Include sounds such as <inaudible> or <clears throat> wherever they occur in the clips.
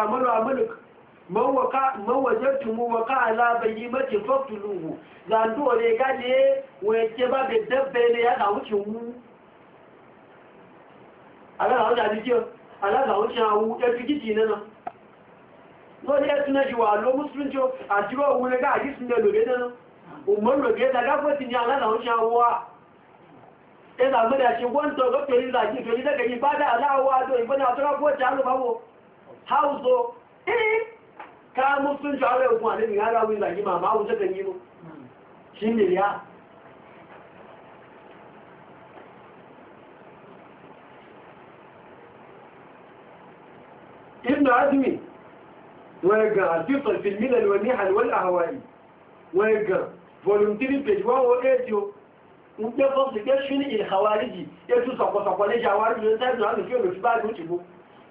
amalu amalu mawajattumu wa qala bayyimati faqtuluhu zando ne gaje wace ba da dabbe ne ya kawo mu ala ga wanda a ala ga wuce awu da nan no ya tuna shi wa lo musulunci a jiro ba ga ji sun da na nan umman lobe da ga fati ni ala ga wuce awuwa da shi wanda ga to ni ga hauzo eh ka musun ji ala kuma ne ya rawi la yi mama wuce kan yi mu shine ya ابن عزمي ويقع الفطر في الملل والنحل والأهواء ويقع فولنتيني بيجوا وإيجو وده فصل كشفين الخوارجي يتو سقو سقو ليش عوارج يتابعوا هذا فيه مش بعد وشبه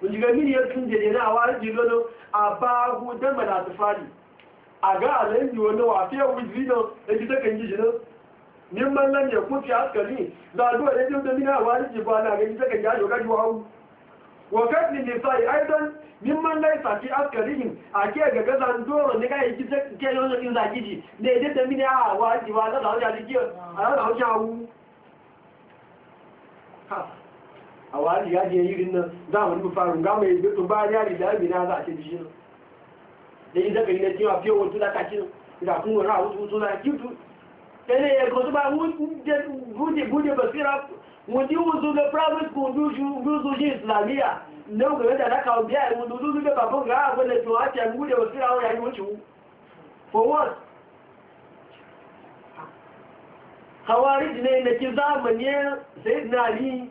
kunjiga mini ya tun jere na awa rijin lolo a bahu don mana su fari a ga alayin wani wafiya wujiri na da ji takan ji jinin man nan ya kuce askari da aduwa ya jin a awa rijin ba na ga ji takan ya shoga juwa hau wa kafin nisa'i aidan mimman lai askari yin a ke ga gazan doro ne ga yi ji takan yi wani zaki ji ne ya jin domina awa rijin ba na da hau ya ji a yau da hau hau a wani ya je yirin nan za mu nufa faru ga mai beto ba ya ri da na za a ce bishin da yi zaka yi na cewa fiye wato da ka cin da kun wani a wasu suna kitu sai ne ya kotu ba guje guje basira wani wuzu ga private school wuzu shi islamiyya na gaba da na kawo biya yi wuzu wuzu ga babban ga abin da tuwa ce guje basira wani ya yi wuce for what kawari ne na ki zamani sai na ni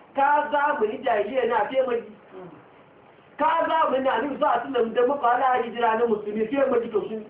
ka za mu zamani jahiliya na fiye maji ka zamani na nufi za su tunan da mafala a hijira na musulmi fiye maji to sun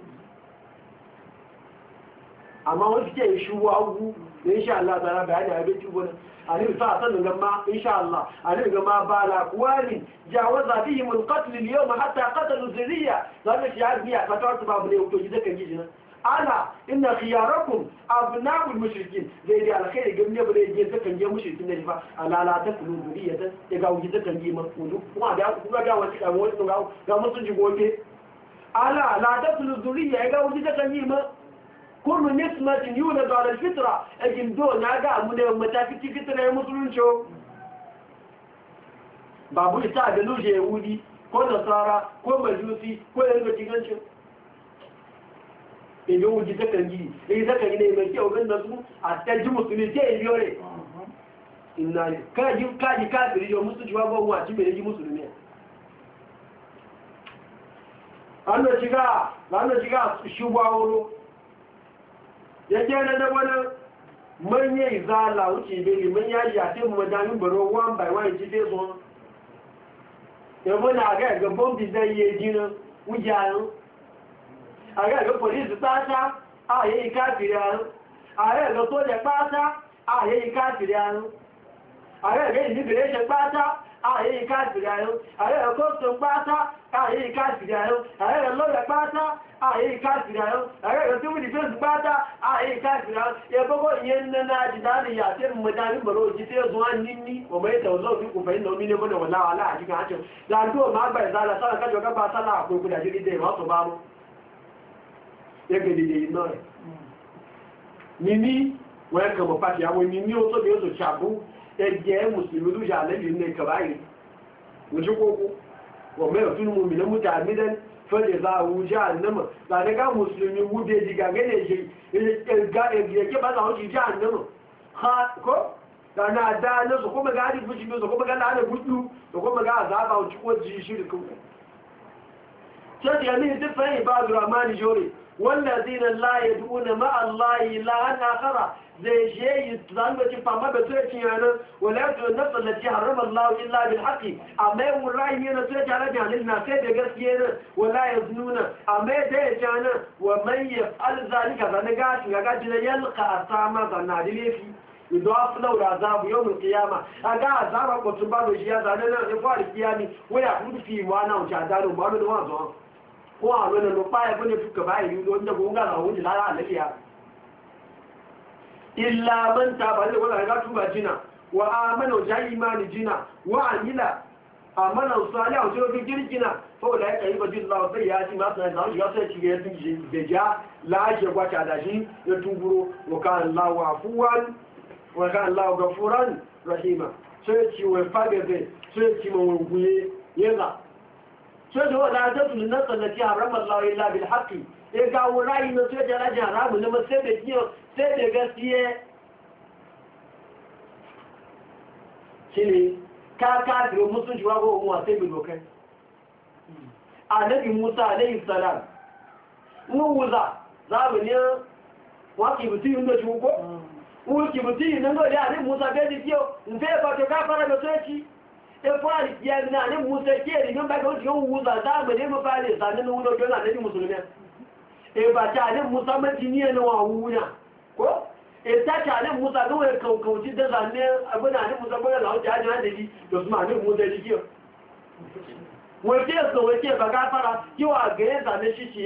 amma wasu ke shi wagu da insha Allah ta rabu yana abin tubo na a nufi za a nan gama insha Allah a nufi gama ba la kuwani jawaza fihi mun qatl al yawm hatta qatalu zuriya zaka shi har biya fatawa babu ne to shi da kan gijina ala inna khiyarakum abna'ul mushrikin zai da alkhairi gam ne bare je zakan je mushrikin ne fa ala la ta kulu duriyata ya ga wuji zakan je masu kuma da ku ga ga wasu kan wasu ga ga musu ji gobe ala la ta kulu duriya ya ga wuji zakan je ma kullu nismatin yulad ala alfitra ajin do na ga mu da mataki fitra ya musulunci babu ita da luje yahudi ko nasara ko majusi ko yanzu cikin èyí ó jí sẹ́kẹ̀ẹ́ yìí èyí sẹ́kẹ̀ẹ́ yìí lè mẹ́kẹ́ ọ̀gbẹ́ ìdọ̀tún àtẹ́jú mùsùlùmí tí èyí ọ̀rẹ́ ìnàlẹ̀ káàdì káàkiri yọ mùsùlùmí wá gbọ́wọ́ àti bèrè jí mùsùlùmí lánàjígá ṣubá oró yẹjẹ́ ẹ̀rẹ́dẹ́gbọ́nà mọ́nyẹ́ ìzáàlà òkè ìbèrè mọ́nyẹ́ ayé àti mọ̀dá ní bẹ̀rẹ̀ one by one jí fẹ́ sọ́n ẹ̀mọ́nà àgẹ́ ẹ̀gbẹ̀ bọ́m̀bì wújẹ́ àrùn ààrẹ ìlú pòlísì pátá ààyè ìkáàkiri àrùn ààrẹ ìlú tó jẹ pátá ààyè ìkáàkiri àrùn ààrẹ ìlú ìlúbìrẹ́ ṣe pátá ààyè ìkáàkiri àrùn ààrẹ ìlú kóòtù pátá ààyè ìkáàkiri àrùn ààrẹ ìlú lọ́rẹ̀ pátá ààyè ìkáàkiri na ààrẹ ìlú tíwìlì fèsì pátá ààyè ìkáàkiri àrùn ẹgbogbo ìyẹn nínú àjìdá ni yàtí mọ̀dá ní mọ̀rọ̀ òjì tí ẹzùn wọn ní ọmọ ìtẹ̀ ọlọ́run fi kùfẹ́ nínú omi gbà sára kájọ sálà yẹ́gẹ̀dẹ̀dẹ̀ iná rẹ̀ ní ní wọ́n kàmọ̀ pàtàkì àwọn ní ní oṣòdì oṣò ṣàbú ẹgbẹ́ mùsùlùmí lójà lẹ́lì ní ìkàbá yìí lójú kókó wọ́n mẹ́rin tún mú mi lẹ́mú tà mídẹ́n fẹ́lẹ̀ bá àwùjá ànámọ̀ làdẹ́gá mùsùlùmí wú bí ẹjì gàgẹ́lẹ̀ ṣe ẹgbẹ́ bá làwọn ti já ànámọ̀ kó na su kuma ga hadi fushi su kuma ga lana gudu su kuma ga azaba والذين لا يدعون مع الله إلها آخر زي شيء يتلان بتي فما بتوجي أنا ولا يدعون النفس التي حرم الله إلا بالحق أما يقول رأي من توجي على جهل الناس يدقسينا ولا يظنون أما يدعي أنا ومن يفعل ذلك فنقاش وقاش يلقى أسامة فنادي ليه يضاف له العذاب يوم القيامة أجا عذاب قطبان وشيا زادنا يفعل القيامي ويأخذ في وانا وشعدان ومعنى وانزوان wọn àwọn ẹlẹ́nu páyẹ bó ní fúkà báyìí ló ń dẹ̀kọ̀ ń gàrà òun lára àlẹ́lẹ́ ya ìlà mẹ́ta àbálẹ̀ wọn àrígá túbà jìnà wà á mẹ́nà ọjà yìí máa ní jìnà wà á yìlà àmọ́nà ọ̀sọ́ alẹ́ àwọn tí ó fi gírí jìnà fọ́wọ́ láì kàyí kọjú lọ ọ̀fẹ́ ìyá tí máa sàn náà yọ́ sẹ́ ti rẹ̀ tún gbèjá láàṣẹ gbàṣà àdàṣí ló tún gbúrò wọ̀ká sai da wadda ta tuni nan tsallaki haramar lawai labil haƙi ya gawo rayu na sai na rajin haramu na sai da kiyo sai da gaskiye shi ne ka kafirin musulci wa gogon wasai bi dokai annabi musa alayhi salam nwuza zaɓi ne waki bitu yi ndo na musa kiyo ta fara biya na ne musa ke rigin ba kawai cikin wuza za mu ne mu fara zanen na wuzo jona na ji musulmi e ba ta ne musa mafi niya na wa wuna ko e ta ta ne musa ga wani kankauci da zane abin ne musa bane da hauta hajji hajji ji da su ma ne musa ji kiyo wace so wace ba ka fara kiwa ga ya zane shi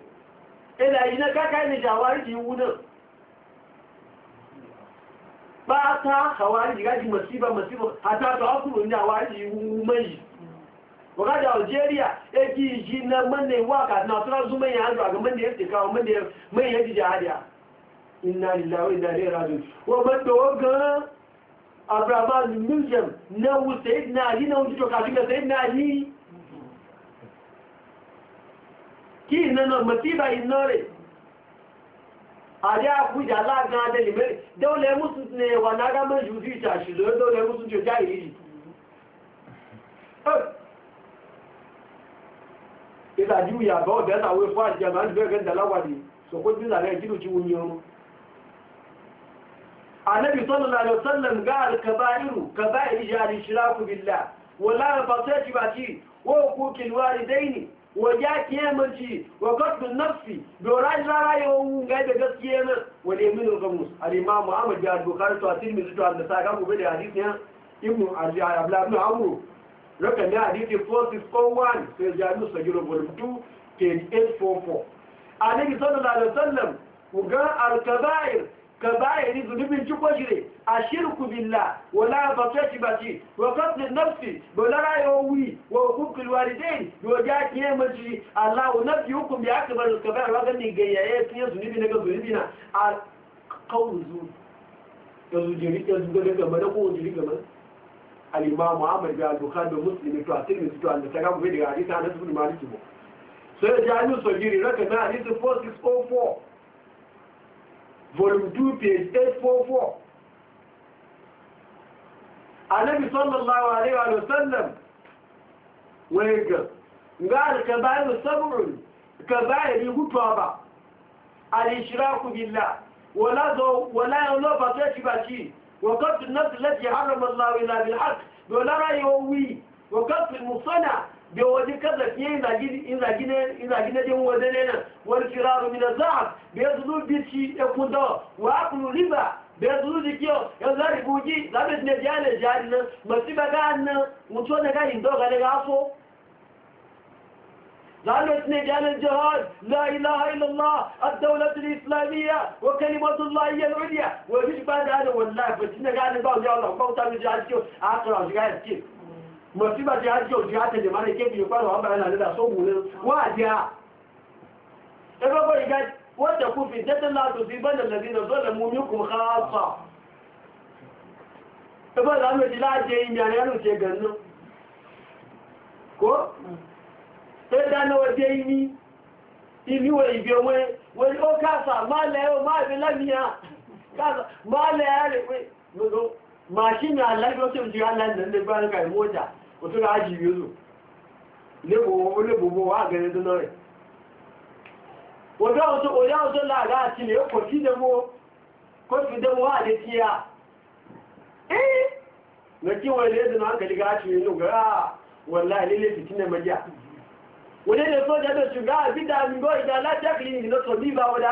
ẹlẹ̀ iná káká ilẹ̀ jàwáríjì wú náà bá tá masiba masiba mọ̀síbà ta àtàtà ọkùnrin ní àwáríjì wú mẹ́yìí wakada algeria eki ji na manne waka na tura zu ya yanzu a ga manne yake kawo manne mai ji jahadiya inna lillahi wa inna ilaihi raji'un wa man doga abraham museum na wuce na ali na wuce to kafin da sai na ali kí iná náà mọ̀ tí ìbá iná rẹ̀ àrí àkújà láàgán adẹ́lì mẹ́rin dẹ́wọ́lẹ̀ mùsùn ti wà nága mẹ́jù sí ìjà ṣìlò dẹ́wọ́lẹ̀ mùsùn ti ọjá ìrírí ìlàjú ìyàbọ̀ ọ̀dẹ́ tàwé fún àjẹmà ń bẹ̀rẹ̀ ìdàláwàdì sọ̀kó tí ìlàlẹ̀ ìjìnlù tí wọ́n yọrọ annabi sallallahu wajen kiyamanci wa kasbin nafsi dorai rara yawon ga da gaskiya nan wani min rukamus al'imam ya dokar to a tilmi zuwa da sa ga gobe da hadisi ya ibnu abdullahi amru da hadisi 4641 sai jami'u sagiro volume page 844 a nabi sallallahu alaihi wasallam ku ga al كبائر ذنوب جوجري الشرك بالله ولا بطيبتي وقتل النفس ولا يوي وحقوق الوالدين وجاك يا مجري الله نبي حكم باكبر الكبائر وغني جيايه في ذنوب نغ ذنوبنا القول ذو يزجري يزجري كما نقول جري كما الامام احمد بن البخاري ومسلم تو اترمي تو ان تكابو بيدي حديث عن ابن مالك سيدي جامع سجيري رقم حديث 4604 volume 2 page 844 annabi sallallahu alaihi wa sallam wega ngal kabairu sabrun kabairu gutaba al-ishraku billah wala do wala yawla batati bachi wa qatl an-nafs allati harrama Allah ila bil haqq wala ra'yu wi wa qatl musana بيوجي كذلك ينجي ينجي ينجي ينجي ينجي من الزعف بيضلو بيشي يكون دو وعقلو ربا بيضلو ديكيو يزاري بوجي لابد نبيان الجارينا مصيبة قاعدنا ونشو نقا هندو غالي عفو لابد نبيان الجهاد لا إله إلا الله الدولة الإسلامية وكلمة الله هي العليا وفيش بعد هذا والله بس نقا هندو يا الله بوطا مجعل كيو عقرا وشكا هندو masiba jẹ́ ajé òjì àtẹ̀lẹ̀ máa lè kébì ìpàdà wà bàrẹ̀ nàlẹ́dà lẹ́nu wọ́n àjẹ́ à ẹgbẹ́gbẹ́ ìgá wọ́n tẹ̀kú fi jẹ́tẹ́ látò sí bẹ́ẹ̀lẹ̀ lẹ́bí nà sọ́lẹ̀ mú mí kùn káàkà ẹgbẹ́ ìlànàjì láàjẹ́ ìyàrá ẹnu jẹ òtún láà jì yóò lébò olébòbò wà gẹ̀rẹ́ tó náà rẹ̀ òjò òjò láàrá àti lè kò sí dẹmó kò sí dẹmó wà lè tí a ẹ́ na kí wọ́n lè dùn hankali ga ci nínú gara wọ́nlá ilé fitin na majiya wọ́n lè sọ́jà da ṣùgbọ́n àbídà àmì gọ́ ìdá látẹ́kìlì ìdínà sọ̀bí ba wọ́n da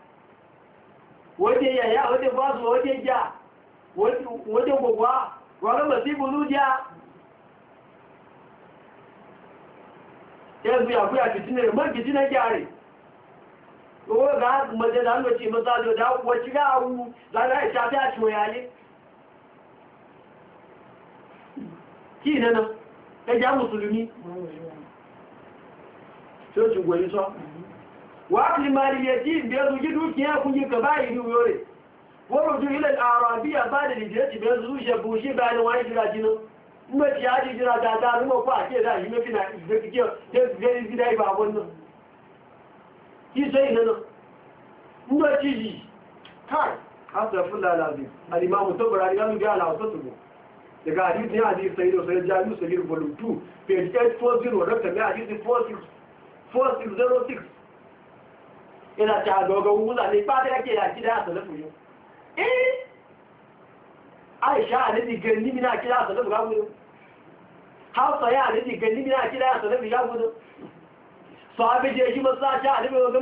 waje yaya waje basu waje ja waje gwagwa wani masifu zuciya yanzu ya kuya fitinar man fitinar gyare ko ga mace da hannu ce maza da da wacce ga awu za ta isha ta ciwo yayi ki وأكل مال اليتيم بيزوجي دوكيا كوني كباي دويوري ورجو إلى الأعرابية بعد الهجرة بيزوجي بوشي بعد وعي جراجينا ما تياجي جراجاتا نما فاكي دا يما فينا إزدكيا تزغيري زيداي بابونا كي سينا ما تيجي كاي أصرف الله العظيم الإمام الطبراني قال لي على وسطه daga hadisi ya hadisi sai da sai jami'u sagir volume 2 page 840 rakam ya hadisi 4606 yana ta agogon wuza ne ba da yake da kida a salafu yau eh aisha a nadi ganni mina kida a salafu gabu yau hausa ya nadi ganni mina kida a salafu gabu yau sahabi je shi masu a sha alibi wasu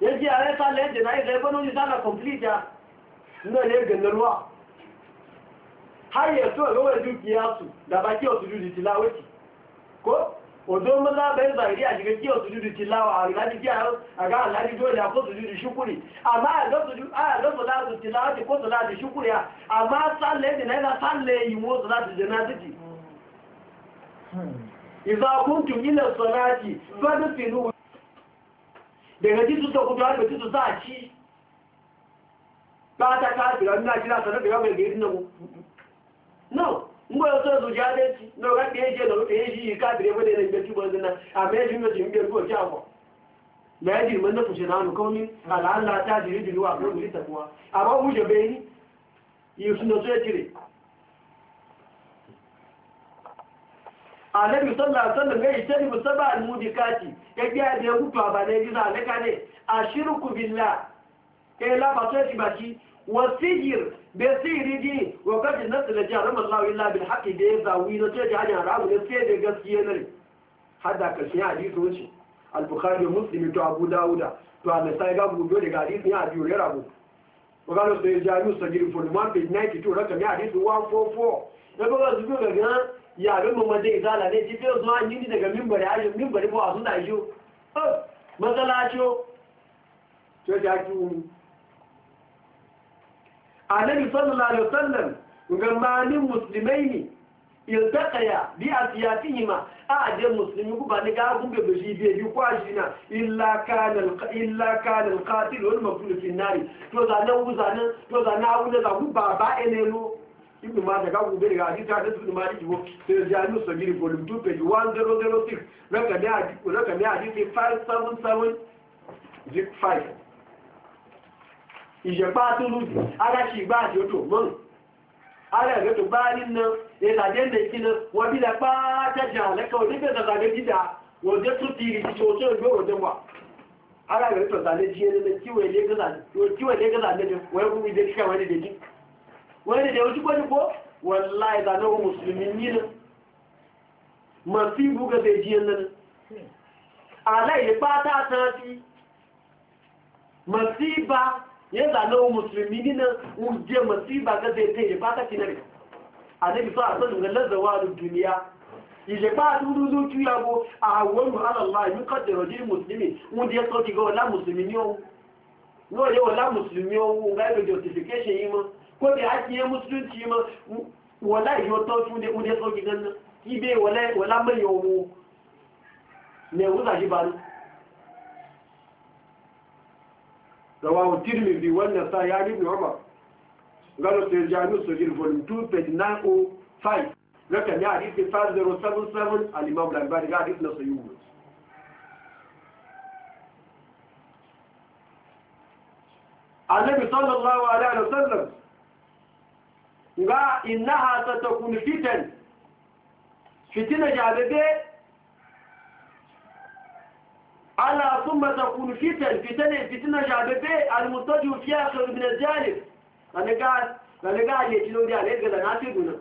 ya ji a rasa laye jana'iza ya gano jisana komplita suna ne ganarwa har ya so ga wani dukiya su da ba kiyo su juji tilawaki ko odo maza bai zahiri a shiga kiyo su juji tilawa a rigaji kiyo a ga alhaji dole a ko su juji shukuri amma a ga su za su tilawaki ko su za su shukuri amma sallaye jana'iza sallaye yi mo su za su jana'izaki إذا كنتم إلى الصلاة فادفنوا daga titu ta kudu har da za a ci ba ta ka shiga nuna jira sanar da gaba da yi na no zuciya da ci na ga ɗaya da shi zina a mai shi mai jin biyar ko na na fushe na ta jiri jiri wa amma bai yi yi suna so ya cire annabi sallallahu alaihi wasallam ya ce ni musaba al-mudikati ya ga da hutu ba ne ji zalika kane ashirku billah kai la ba sai baki wasijir be siri di wa kad nasla jarum Allah illa bil haqqi be zawi na ce ji hanya rabu ne sai da gaskiya ne hadda ka shi hadisi wuce al-bukhari da muslim to abu dauda to an-nasai ga gudo daga hadisi ya yare mamadu izala ne jibe zuwa yini daga mimbari ajo mimbari bo azuna ajo mazalacho to da ki umu annabi sallallahu alaihi wasallam gamanin muslimaini iltaqaya bi asiyatihima a je muslimi ku ni ga gumbe shi be ku ashina illa kana illa kana alqatil wal maqtul fi an to zanan uzanan to zanan awu da ku baba enelo ibn Majah ka gobe daga hadisi ta ibn Majah ko sai ya yi sabiri volume 2 page 1006 raka ne hadisi raka ne hadisi 577 zik 5 ìjẹ̀pá tó lùdì aláṣì ìgbà àti òtò mọ́nù alẹ́gbẹ́ tó bá nínú ìlàjẹ́ ilẹ̀ ìsinú wọ́n bí lẹ́pá tẹ́jà lẹ́kọ̀ọ́ onígbẹ̀ tọ̀tàlẹ́ dídà wọ́n jẹ́ tún ti rí ti ṣe òṣèrè òjò wà alẹ́gbẹ́ tọ̀tàlẹ́ jí ẹlẹ́lẹ́ tíwẹ̀ lẹ́gẹ́lá lẹ́jọ wọ́n kú ilé kíkà wọ́n lè dèjì wani da yauci kwani ko wallahi ga nawa musulmin yi nan mafi buga bai jiyan nan alai ya fata ta fi masiba ya ga nawa musulmin yi nan uje masiba ga zai ta ya fata kinari a nabi sa a sanin ga lazawa da duniya ìṣe pàá tó dúdú tí yàgbó àwọn mùhálàlá ìlú kọ̀tẹ̀rọ̀ jí mùsùlùmí ń di ẹ́kọ́ ti gọ́ ọlá mùsùlùmí ní ohun náà yẹ́ ọlá mùsùlùmí ohun gáìlò justification yìí ko da ake musulunci ma wala yi wata wasu ne kudin sauki ganin ibe wala mai yawon ne wuza shi ba rawahu tirmidhi wan nasai ali ibn umar galo sir jami'u sujil volume 2 page 905 rakam ya hadith 5077 al imam al-albani ga hadith na sayyid annabi ga innaha satakun fitan fitina jababe ala summa takun fitan fitana fitina jababe almutaji fi akhir min aljalib kanaga kanaga ya tilo da ne ga na ce guna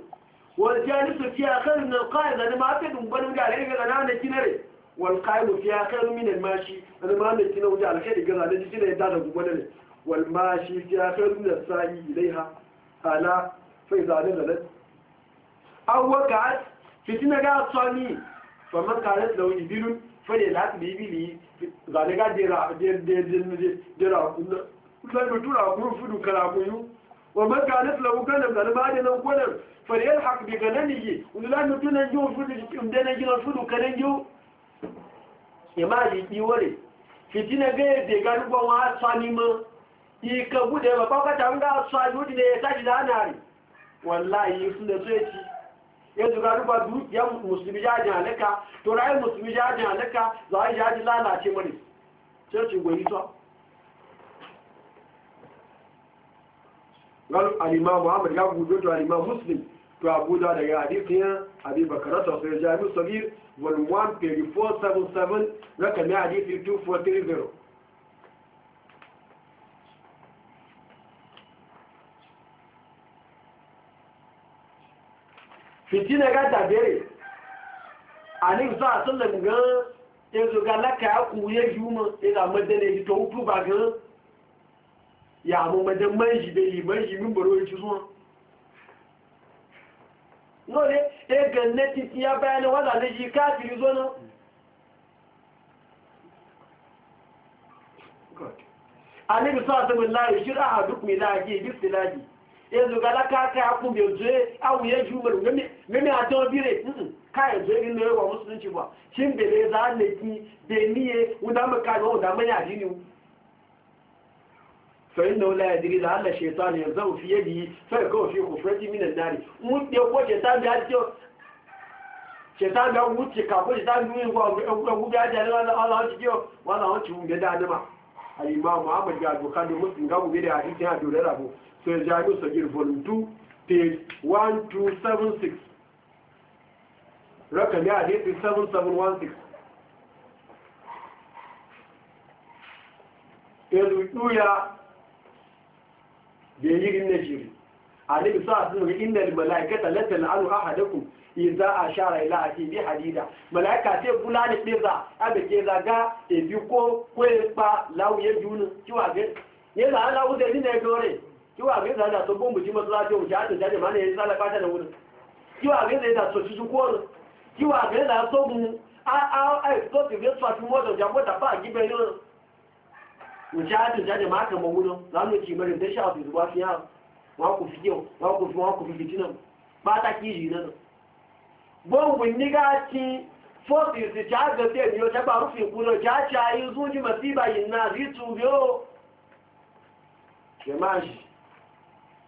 wal jalib fi akhir min alqa'id ana ma ta dun banu da ne ga na ne kinare wal qa'id fi akhir min almashi ana ma ne kinau da alkhairi ga na ne kinare da da gubana ne wal mashi fi akhir min alsa'i ilaiha ala fai zane da nan an waka fitina ga tsani faman tare da wani birnin fade da haka bibi ne zane ga jera jera kusan da tura kuma fudu kara kuyu waman tare da wani kanan da ba da nan kwanan fade yar haka bi ganan ne wani lafi tunan yiwu fudu inda na gina fudu kanan yiwu ya ma yi kiwore fitina ga yadda ga rubon wa tsani ma ikabu da ya ba kwakwata ga tsani ne ya tashi da hanari wallahi sun da zai ci yanzu ga ruba dukiyar musulmi jajin halaka to rayu musulmi jajin halaka za a yi jaji lalace mani cocin gwani to gal alima muhammad ya gudu da alima Musulmi to abu da daga hadisiyar abubakar rasa sai jami'u sabir volume 1 3477 rakami 2430 fitina ga dabere a ní ìsọ́ àtúnlẹ̀ gan ẹzọ ga lákà ákùnrin yẹ́ yíò mọ́ ẹzọ àmọ́dẹ́ lè tó ń túbà gan yà àwọn ọmọdé mẹ́jì bẹ yìí mẹ́jì mú bọ̀rọ̀ ojú sún wọn lóòrẹ́ ẹgbẹ̀ nẹ́tì tí a báyá ní wádà lè yí káàkiri zọ́nà a ní ìsọ́ àtúnlẹ̀ láàrín ṣíra àdúkùnrin láàrín ìdí ezoga ka aka awu ya ji umere e, meme aja obire hmm, ka ezoe gị n'ewe ọmụ sụrụ nchịkwa chimbeleze a na-eti beniye ụda maka na ụda mmanya ka fẹ́yìn náà láyé dìrí láàlẹ̀ ṣètò ni ẹ̀zọ́ òfin yé yìí fẹ́ẹ̀ kọ́ òfin kò fẹ́ẹ́ tí mí nàìjíríà rí mú ti ọkọ̀ ṣètàbí àjọ ṣètàbí àwọn wúti kàkó ṣètàbí wíwọ ẹwú bí ajá lọ́wọ́ ọlọ́wọ́ ti jẹ́ wọn làwọn ti wù mí rẹ̀ to ya jami'u sagir volume 2 page 1276 rakami a daidai 7716 elutuya da yirin na jiri a nabi sa su ga inda mala'ikata lantar la'anu ahadakum iza a shara ila a bi hadida mala'ika ce bula da ɗeza a da ke zaga ebi ko ko ba lauye junin kiwa ga yana ala wuce ne dore kíwà gẹ́ ìdájà tó bóòmù jí mọ́sílájú òun jáde jáde máa ní ẹni sálẹ̀ pátẹ̀ lọ́wọ́ kíwà gẹ́ ìdájà tó ṣíṣú kú ọ̀nà kíwà gẹ́ ìdájà tó mú máa kàn mọ́wúná lánàá ti mẹ́rin tẹ́ṣà àti ìdúgbà fi hàn wọn kò fi jẹun wọn kò fi wọn kò fi fìtí náà pátákì yìí náà bóòmù nígá ti fọ́ọ̀sì ìsìnjà àgbẹ̀tẹ̀ ènìyàn jágbà rúfin kú náà jáde ayé zúnjú mọ̀ sí ìbàyìn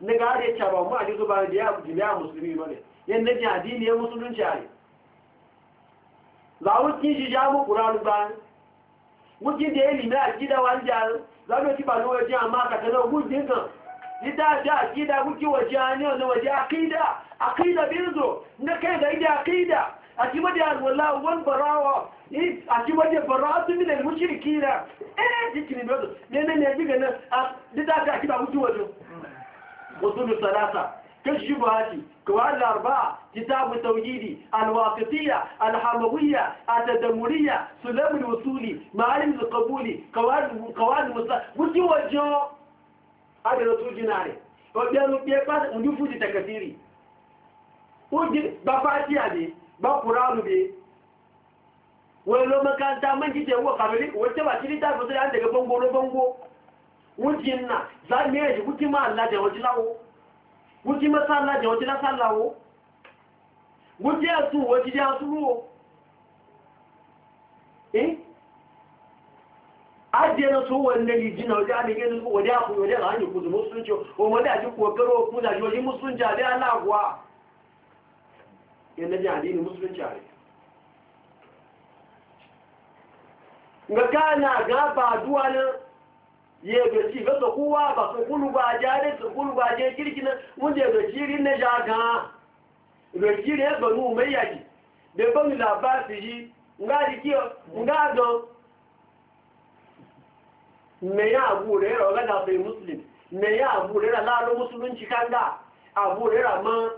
na ga da ya ba mu a jizo ba da ya jimiya musulmi ba ne yan na jihadi ne musulunci a ne zawon kin shi ja mu ƙuranu ba wukin da ya limi a gida wani jihar zaɓe ki ba zuwa jihar ma ka tana gudun kan ita da akida kuke waje hanyar na waje akida akida birzo na kai ga ida akida a ci maje alwala wani barawa a ci maje barawa sun mina mushirki na eh jikin ne ne ne ji ganin a dita ta akida kuke waje usulu salasa كشف هاتي كوال الأربعة كتاب التوجيد الواقفية الحموية التدمرية سلم الوصول معالم القبول كوال قوال المسلم متوجه هذا رسول جناري وبيانو بيبات ونفوز تكثيري ودي بفاتي هذه بقران بي ولو lọ́mọ káńtà mọ́ ìjíjẹ̀ wọ́n kàrọ̀lẹ́ wọ́n tẹ́wà sí lítà fọ́sílẹ̀ àti wujin na za mu yi ma Allah da waje lawo ma sa Allah da waje la sallawo wuji ya su waje ya su ruwo eh ajiye na so wanne liji na waje ne gani ko waje ku waje ga hanyar ku zuwa musulunci o ma da ji kokaro ku da yoyi musulunci da Allah kuwa yana ji addini musulunci ne ga kana ga ba duwa ye ga ci ga so kuwa ba so kulu ba jare so kulu ba je kirkin mun je ga ci ne ja ga ga ci ne ba nu mai yaji be ba mi la ba si ji nga di ki nga do me ya abu re ro ga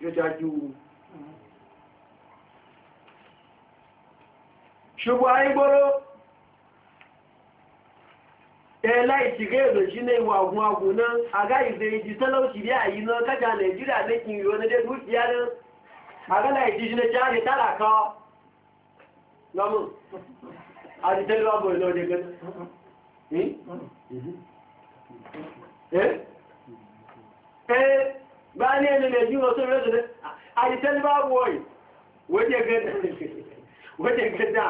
yóò dájú ṣùgbọ́n ayígbóró ẹ̀lá ìṣìgẹ́ ìròṣí ní ìwà ogun agun náà àgá ìfẹ́ ìdí tọ́lọ́ òṣìrí àyí náà kájà nàìjíríà méjì ìrò nílé dúkìá náà àgálà ìdí ṣe jáde tálàkọ́ lọ́mù àti tẹ́lọ́bù ìlọ́dẹ̀gẹ́ isan babu wai waje gada waje gada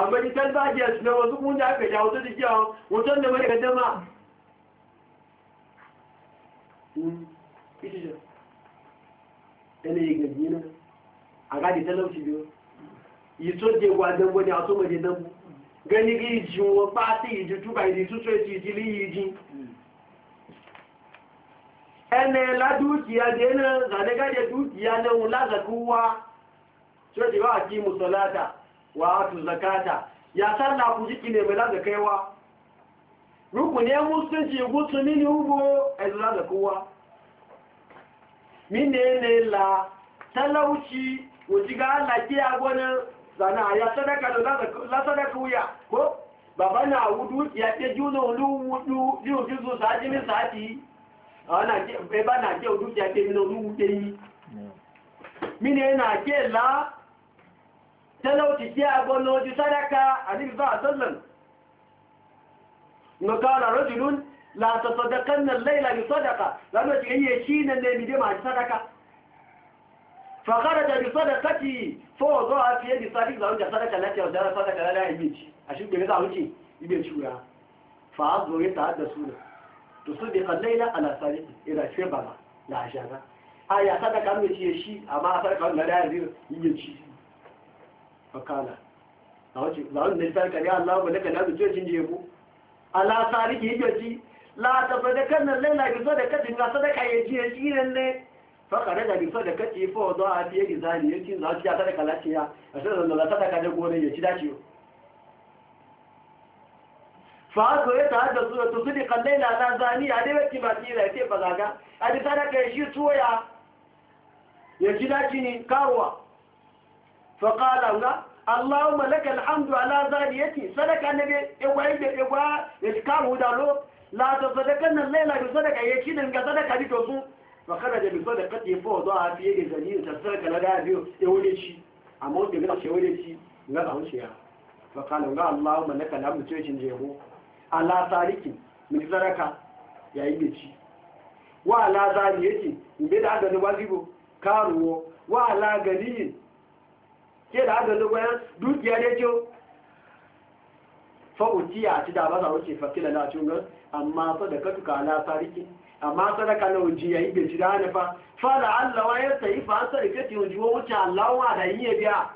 amma isan ba ke suna wasu kun da aka shawo su jiya wutan da mai gada ma ɗanayi gaji na a gadi talauci biyu yi so je wa dambo ne a so maje dambo gani ga yi jiwo ba ta yi ji tuba yi ji tutso yi ji li yi ji ene la dukiya da yana zane gaje dukiya na wula zakuwa so ji ba ki musalata wa atu zakata ya sanna ku jiki ne mai laga kaiwa ruku ne musulunci gutu mini ugo ai laga kowa mine ne la talauci wuji ga Allah ki agona zana ya sadaka da la sadaka wuya ko baba na wudu ya ke juno lu wudu ju ju ẹbá náà jẹ́ òdúkẹ́ àtẹ́mi náà olúwúté yìí mínú ẹ̀nà àjẹ́ ìlà tẹ́lẹ̀ ó ti jẹ́ agbọ́nà ojú sádáka àdíbìbá àtọ́lẹ̀m nǹkan ọ̀nà rọ́jùlún látọ̀tọ̀dẹ̀kan náà lẹ́ìlà ní sọ́dàkà lánàá ti yẹ sí iná lẹ́mí dé màá sádáka fàkàrà jẹ́ sọ́dàkà ti fọ́ọ̀gọ́ àti ẹni sádáka lọ́jà sádáka láti ọ̀dára sádáka láláì méjì àṣígbèrè tusubiha al-layla ala salih ila shebara la ashara aya ta da kanu ce shi amma kan da ya yin shi fakala a wace ne sai kare Allah ba daga da zuciya cin jebu ala salih yake ci la ta sadakan nan layla da sadakatin ga sadaka ya ji shi ne fakare da bi sadakati fa wada a biye gizani yake za ta sadaka lafiya a sai da sadaka da gore ya ci fa'azo ya tahadda su da su kan dikan laila na zani a dai wacce ba tsira ya ce ba gaga a ji sadaka ya shi tuya ya ji ni ne karuwa faƙala ga allahumma laka alhamdu ala zaliyati sadaka na da e igwa ya ji karu da lo la ta sadaka nan laila bi sadaka ya ci dinga sadaka bi to su fa da bi fo fa a fi yadi ta sadaka la da biyo e wuce shi amma wanda ga shi wuce shi ga ba wuce ya fa qala ga allahumma laka alhamdu to cin jeho ala tarikin mai zaraka yayin da ci wa ala zari yake ube da agani wazibo karuwa. wa ala ganiyin ke da agani bayan dukiya ne ce fa'utiya ci da ba za wuce fakila na cungar amma tuka ala tarikin amma sadaka na wuji yayin da ci da hannufa fada allawa ya sayi fa an sadaka ti wa wuce allawa da yi ya biya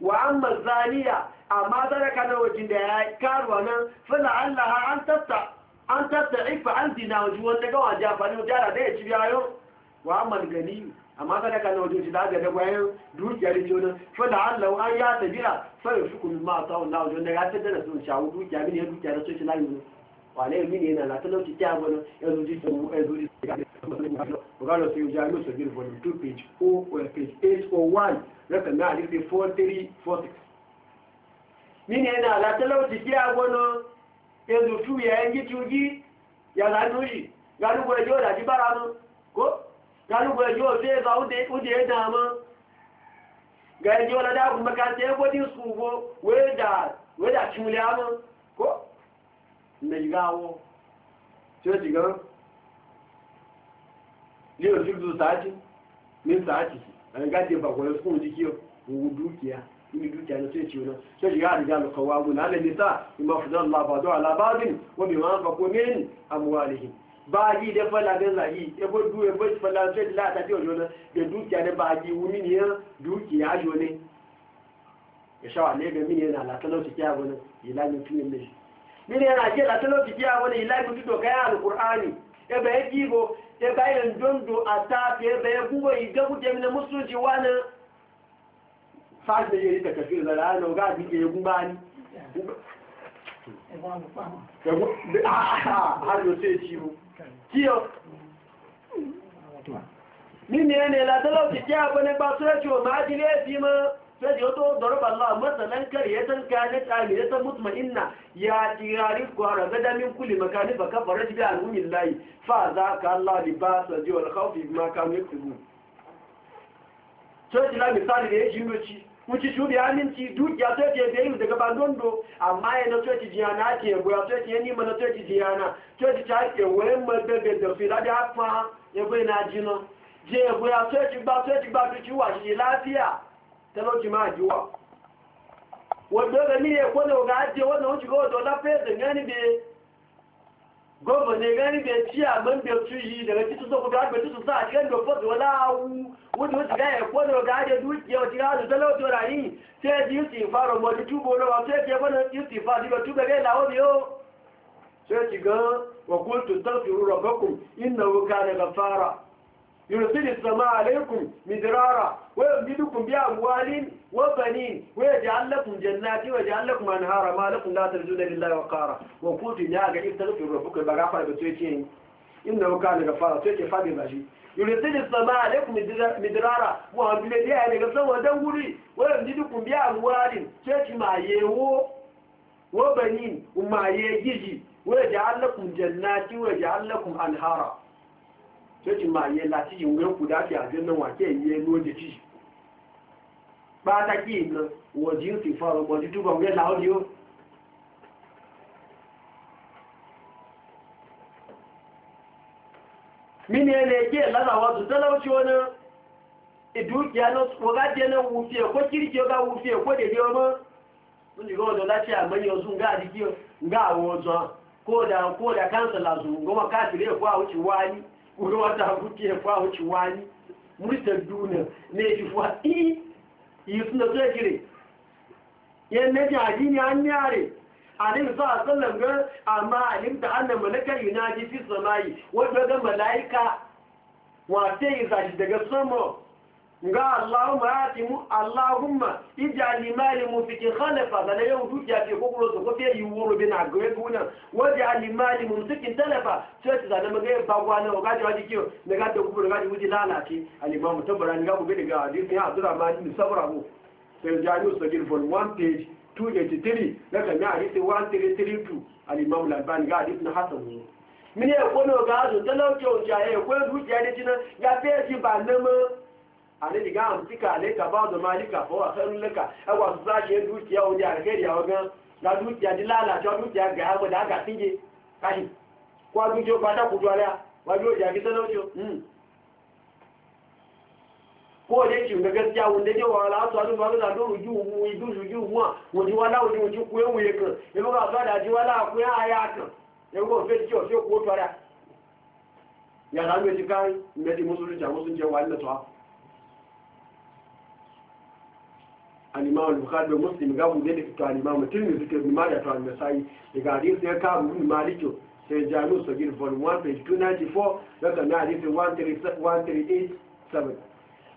wa amma zaniya amma zaraka da wajen da ya yi karuwa nan fila allaha an tatta an tatta ifa an zina wajen wanda gawa ji amfani wajen yara da ya ci biyayo wa amal gani amma zaraka na wajen shi da aga da bayan dukiyar ce wani fila allahu an ya tabira sai fi kuma ma ta wani wajen da ya fi da sun shawo dukiya mini ya dukiya da sun shi ne wa ne mini yana na talauci ta wani ya zuji sun ya zuji regardless you are not a beautiful two page 4 page 8 or 1 recommend 4346 mini yana latalauci ki a gwanon ya zutu ya yanki cuji ya zanu shi gani kwa jiwa da jibara mu ko gani kwa jiwa sai za wuce ya dama ga yanki wani da ya gwadi su ko yi dukiya na sai ciwo sai shiga rijalu kawamu na nisa bima fadala Allah ba'du ala ba'din wa bima anfaqu min amwalihim baaji de fala de la yi e bo du e bo fala se la ta ti ojo na de dukiya de baaji wuni ni ya dukiya ajo ne ya shawa ne ga mini yana la talo ti kiya wona ila ni tuni ne mini yana fáàdì yẹ ní kẹ̀kẹ́ fíìlì lọ́la ẹ̀nà ọ̀gá àti egun bá ní. ẹ̀wọ̀n àlùfáà. ẹ̀wọ̀n àlùfáà. sai ya to darba Allah masalan kariyatan kanat amilatan mutma'inna ya tirari gwara gada min kulli makani fa kafara bi al'ummi lahi fa za ka Allah libasa ji wal khawfi bima kanu yaktubu sai la misali da yake yi wuce shuri aminci dukiya to ce da yin daga bandondo amma ya na coci jiyana ke goya to ce yanni ma na coci jiyana coci ta ke wayan mabebe da fila da hafa ya bai na jino je ya goya gba ba coci ba duki wa shi lafiya talauci ma jiwa wanda ga ni ya kwana ga ajiye wannan wuce ga wato lafiyar da gani bai gbogbo ne gani bai ci a man bai su yi daga cikin so kuma titi su a cikin da fosu wala awu wani wasu ga ya kwano ga ya dukiya wata ga su talauta rayi sai ji yusi fara mo ji tubo na wato ya bana yusi fa fara ba tuba ga lawo biyo sai ci ga wa kuntu tafiru rabbakum innahu kana ghafara يرسل السماء عليكم مدرارا ويمددكم بأموال وبنين ويجعل لكم جنات ويجعل لكم أنهارا ما لكم لا ترجون لله وقارا وقلت يا جاي استغفر ربك بغفر بتويتين إنه كان غفارا تويتين فابي ماشي يرسل السماء عليكم مدرارا وعمل لي أنا غفلا ودوري ويمددكم بأموال تويتين ما يهو وبنين وما يجيجي ويجعل لكم جنات ويجعل لكم أنهارا tó ma máa yẹ láti ìwé òkúdá fi àjọ náà wà kí èyí ẹnu òjijì pàtàkì ìnà wọ̀dí ó sì fa ọ̀pọ̀ títú bọ̀ wẹ́ láwọn ó. mini ẹni ẹgbẹ́ lálàwọ́ tó tẹ́lẹ̀ ó ṣe ọ́nà ìdúkìá náà wọ́gá jẹ́ náà wù fi ẹ̀kọ́ kíríkì ọgá wù fi ẹ̀kọ́ dèdè ó kódà kódà ẹ̀kọ́ wani wata hakuki ya fa wuce wani murtar duniya ne ya fuwa yi yi suna zuwa gire yan na jaji ne an yare a ne su a sallan ga amma alimta annan malakar yunaji fi samayi wadda ga mala'ika wata yi zaji daga sama nga allahumma atimu allahumma ijali mali mufiki khalafa bana yau dukiya ke kokoro su ko fiye yiwuwar bin a gwe guna waje alimali mumsikin talafa sai ta zane magai bagwa na wakaji waje kiyo na gada kubur gaji wuji lalace alimamu tabbara ni gabu gani ga hadisi ya azura ma ni sabra mu sai jami'u sagir for one page 283 na kan ya hadisi 1332 alimamu labani ga hadisi na hasan mu mini ya kono ga azu talauke wuce ya kwayo dukiya ne cinan ya fiye shi ba nama annabi ga amsika alayka ba'du malika fa huwa khairun laka awa zake dukiya wani alheri ya wagan da dukiya di lalata dukiya ga abu da aka tinge kashi kwa dukiya ba ta kudu ala wa biyo ja ki talaucio mm ko de ki ga gaskiya wanda de wala to adu ba na do ruju mu idu ruju mu mu di wala wudi mu ku yen wuye kan e ba ba da di wala ku ya aya kan e go fe ti o se ko to ara ya ga me ti kai me ti musulunci a musulunci wa illa to alimamu al-bukhari da muslim ga bude da fito alimamu tirmidhi suke bi ma da to al-nasai daga hadisi ya ka bin maliki sai jami'u sagir volume 1 page 294 daga na hadisi 138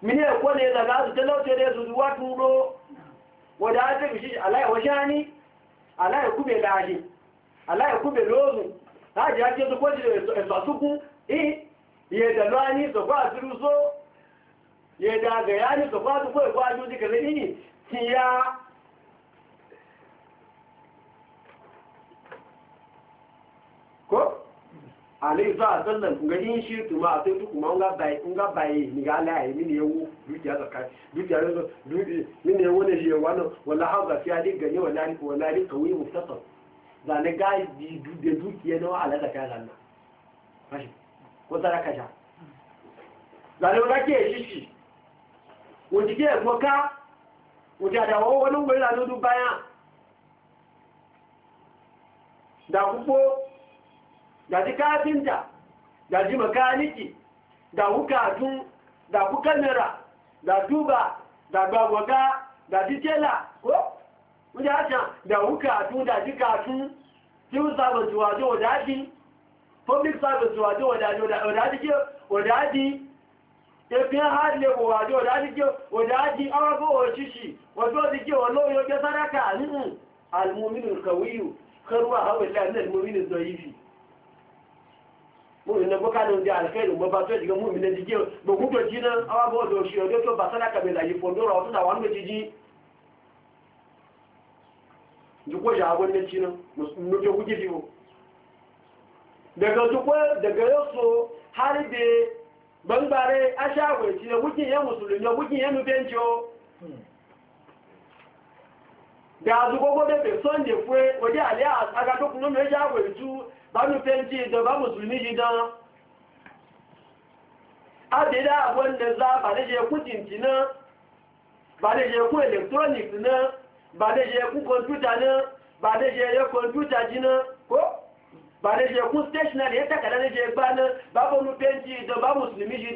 mini ya kone da ga su talauce da su zuwa turo wadda ya ta bishi alaya wajani alaya kube gashi alaya kube lozu ta ji ake su kwaji da sasuku eh ya da lani su kwa su ruso ya da ga yani su kwa su kwa kwa juji ka zai gaskiya ko ale za a sallan ga yin shi tuma a sai tukuma nga bai nga bai ni ga la ai mini yawo dukiya zaka dukiya zo duki mini yawo ne yawo wannan wala hauka fi ali ganye wala ni wala ni kawai mutafa da ne ga di de dukiya na ala da kai na fashi ko zara kaja da ne ga ke shi shi wanda ke ko ka mutata wa wani gwela nudu baya da kuko da ji da ji makaniki da hukatun da ku kamera da duba da gbagwaga da ji tela ko mutata da hukatun da ji katun civil service waje wadaji public service waje wadaji wadaji wadaji efiyan hard labor waje wadaji wadaji arabu oshishi wato da ke wallo yau ke sadaka a ninu almominin kawiyu karuwa hawa ila na almominin zaifi mọ̀mí na bọ́ká ní ọdí alẹ́kẹ́rù mọ́ bá tó ẹ̀jìgá mọ̀mí na jíjẹ́ gbogbo tó jí òṣì ọdọ́ tó bá sádàkà bẹ̀rẹ̀ àyè fọ̀dọ́rọ̀ ọdún àwọn méjì jí dùkọ́ da azu gogo bebe sunday fue oje ale aga to kunu meja weju ba nu penji do ba musulmi jidan adida wanda za ba da je ku tintina ba da je ku electronics na ba da je ku computer na ba da je ye computer jina ko ba da je ku stationery ta kada je gba na ba ko nu penji do ba musulmi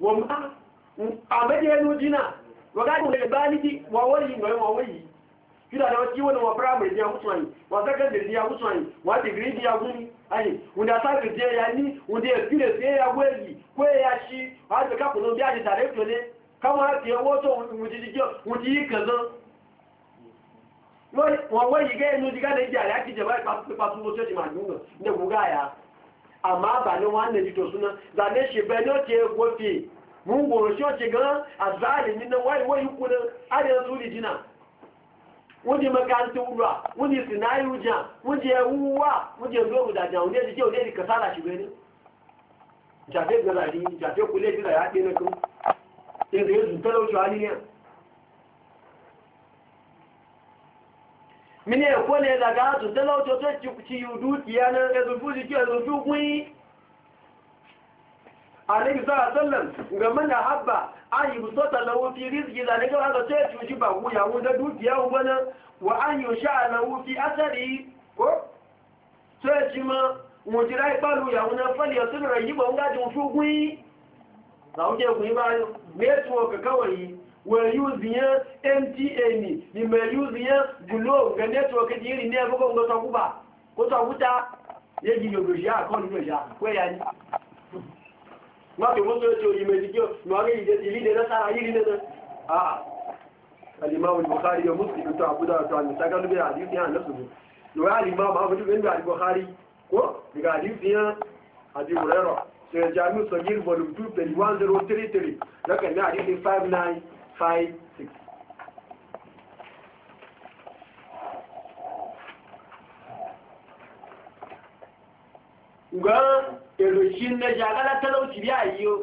wa ma a madiyanu jina wa gadin da baliki wa wayi wa wa wayi kila da wati wani wa primary ya mutwani wa secondary ya mutwani wa degree ya guni ayi unda sabe je ya ni unda experience je ya weji kwe ya shi hadi ka kuno bi aje tare to ne kama hadi ya woto mujiji jo mujiji kazo wa wayi ga enu diga ne jare akije bai pa pa tu mo se di ma dunga ne buga ya amma ba ni wannan jito suna zane shi bai ne ke gofe mun goro shi wace gan a zalimi na wai wai kunan ariyar suri jina wuje makaranta wura wuje sinayi wuja wuje wuwa wuje zobu da jan wuje jike wuje ka sala shi bai ne jafe galari jafe kule jira ya ɗaya na kun ɗaya da yanzu talauci hali mini ẹ̀kọ́ ni ẹ̀dàgá tó tẹ́lẹ̀ ọjọ́ tó ti yùdú ìyá ní ẹzùfú sí kí ẹzùfú wín àrígbìsá àtọ́lẹ̀ gbẹ̀mọ́nà àbà ayìbù sọ́tà lọ́wọ́ fi rí ìgbìsá nígbà wọ́n tó ẹ̀tù sí bà wú yàwó dẹ́dú ìyá wọ́n wà áyìí òṣà lọ́wọ́ fi ásẹ̀rí kó tó ẹ̀tù mọ́ wọn ti ráì pàlú yàwó were use yẹn mtn ni mẹ use yẹn glo gẹ network di irin ní ẹgbẹ́ kó sọkúbà kó sọkúta yéjì yògbò ṣe àkọ́ nínú ìṣà pẹ́yà ni wọ́n fi mọ́tò ètò ìmọ̀ ìdíjọ́ lọ́rẹ́ ìdẹ́ ti lílẹ̀ náà sára yìí nínú àà alìmáwò ìbùkárí yọ mùsùlùmí tó àbúdá ọ̀tọ̀ àmì sagálúbẹ̀ àdífihàn àlọ́sùnmù lọ́rẹ́ alìmáwò máa fojú gbẹ́ndù àdìbùkárí kó ìgbà àdífihàn àdìbùrẹ́rọ̀ sẹ̀rẹ̀ jamiu sọ̀gí volume 2 pẹ̀lú 1033 lọ́kẹ̀lẹ́ àdífi 59 five six. gan èròṣí nẹjà alálátẹ́lẹ́ òsìrí àyí o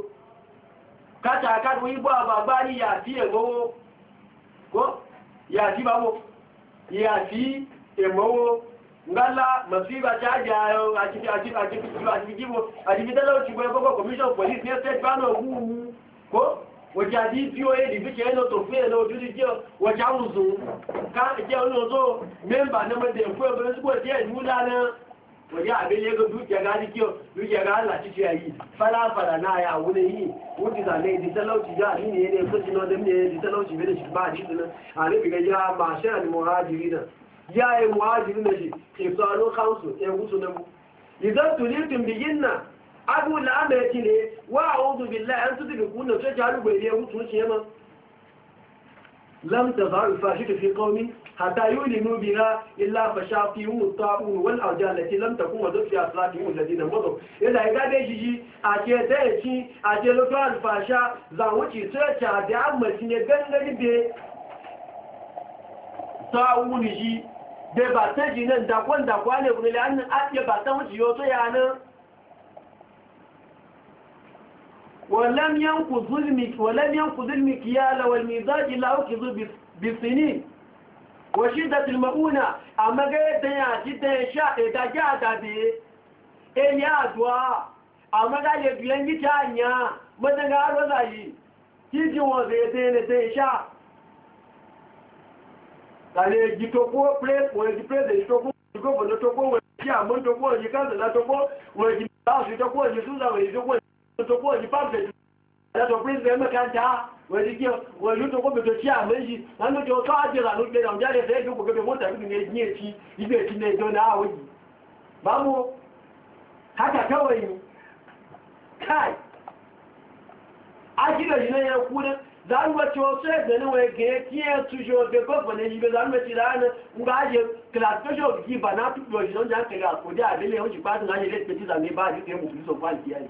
kátàkàtà ìgbò àbàgbà ní yàtí èmówó kó yàtí báwó yàtí èmówó ngálá mọ̀síbà tí a jẹ́ àrùn àti fìdíbò àti fìdílẹ̀ òsìgbò ẹgbọ́gbọ̀ commission police ní ẹ́sẹ̀ gbánà ògùn kó wọ̀já dí tí ó èdè fi ṣe lọ́tọ̀ fún ẹ̀lọ́ ojúdí jẹ́ wọ̀já wùzù káàkiri olóòtọ́ mẹ́mbà nẹ́mọ̀dẹ̀ fún ẹgbẹ̀rẹ̀ sípò tí ẹ̀dùn lánà wọ̀já àbílẹ̀ gbogbo jẹ́gá ní kí o lójẹ́gá láti ṣe ẹ̀yí fàlàfàlà náà yà wọ́n èyí wọ́n ti sàlẹ̀ ìdíṣẹ́lọ́ ti yá ní ẹni ẹ̀kọ́ sínú ọdẹ ní ẹni ìdíṣẹ́lọ́ ti bẹ̀rẹ̀ ṣùgbà àdíṣẹ́lọ́ àríbìgẹ́ yá máa ṣẹ́ àni mọ̀hájìrí náà yá ẹ̀ mọ̀hájìrí náà ṣe ìsọ alókáùsù ẹ̀wùsù náà ìdọ́tù ní tùmbìyìn náà abu la'ama ya ne wa a wuzu billah yan su dubi kunna sai jaru bai ne mutu shi yamma lam tazaru fashita fi qaumi hatta yulinu biha illa fashafihu ta'un wal arjal lati lam takun wa dhafi aslatihu alladina wadu ila iga da shi a ce da shi a ce lo to alfasha za wuce sai ta ولم ينقض ظلمك ولم ينقض المكيال والمزاج لا أكذ بسنين وشدة المؤونة أما قلت يا جدا شاء تجاد به إن يدوى أما قلت ينجي تانيا مدن قالوا ذي تيجي وزيتين تنشاء قال يجي تقوى بلس ويجي بلس يجي تقوى يجي تقوى ويجي أمون تقوى ويجي كذا تقوى ويجي بلاس يتقوى يجي سوزا ويجي تقوى tó kó òjì pàṣẹ jù ẹ̀lẹ́tọ̀ pírísì ẹ̀mẹ́ka já wẹ̀lú jẹ́ wẹ̀lú tó kó bèbè tí a méjì lánà tó tó àjẹ́ lànà gbé ràn jáde fẹ́ ìjókòó bèbè mọ́ta ìlú ní ẹjí ẹtí ilé ẹtí ní ẹjọ́ náà wọ́n yìí bá mú kájàkẹ́wọ̀ yìí káì ajílẹ̀ yìí náà yẹ kú ní zanuwa ci wasu ẹgbẹ̀ ni wọ́n gẹ̀ẹ́ kí ẹ túnṣe ọdẹ gọ́ọ̀fẹ̀ ní ibẹ̀ zanuwa ci láàrín ńgbà ayé kìlàsíkẹ́ṣọ̀ kìí bà náà túnṣe ọ̀ṣìṣọ́ jẹ́ kẹ̀kẹ́ àkọ́dẹ́ àbílẹ̀ oṣù pàtàkì láyé lẹ́sẹ̀ tí zanuwa bá àjẹ́ kẹ́ mú fìlísọ̀ fún àìkíyà yìí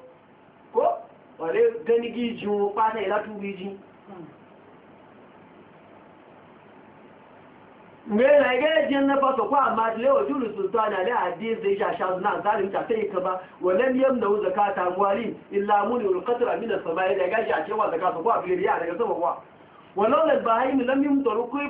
ko wale gani giji wo pata ilatu giji mgbe na ga eji nnabata kwa amadile ojuru sultan ali adiz da isha shazna zalim ta sai ka ba walam yamna zakata amwali illa muni ul qatra min as-samai da gashi a cewa zakata kwa firiya daga sama kwa walau da bahim lam yumtaru kai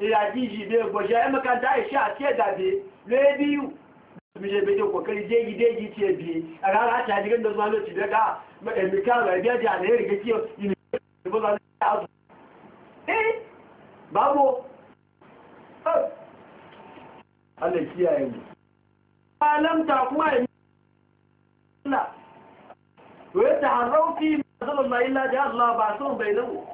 ìyàjí ìjìdé gbọ̀ṣẹ́ ẹmọ́kàndá iṣẹ́ àti ẹ̀dàdé rédíò ìjẹ̀bẹ̀dẹ̀ kòkèrè jẹ́ ìdé yìí ti ẹ̀bí ara láti àjíkẹ́ lọ́gbọ́n ló ti lẹ́gá ẹ̀mìká rẹ̀ bí ẹ̀dẹ̀ àlẹ́ èrè kí ìlú ìbọ́lá ní ààbò ẹ́ báwo alẹ́ sí àìwò alẹ́mta kuma ẹ̀mí ìlà wẹ́ta àrọ́ kí ìmọ̀ sọ́lọ̀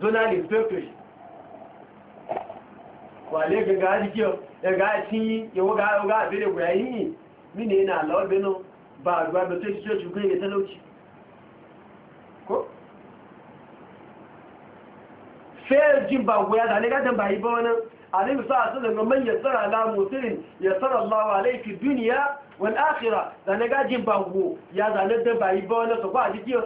zonal inspector wà lè gẹ̀gẹ̀ da ẹ̀gá tí ìwọ́gá ọgá àbẹ́rẹ̀ wẹ̀ ba mí ní ìnà àlọ́ọ̀bẹ̀ náà bá àgbà bẹ̀ tó ti tó ṣùgbọ́n ìyẹ́ tẹ́lọ́kì kó ba jí bà wẹ́ àdàlẹ́gàjẹ́ bà yìí bọ́ náà عليه الصلاة والسلام من يسر على مسلم يسر الله عليه في الدنيا والآخرة ذانا قاجين بانغو يا ذانا دبا يبانا سوكوا عجيب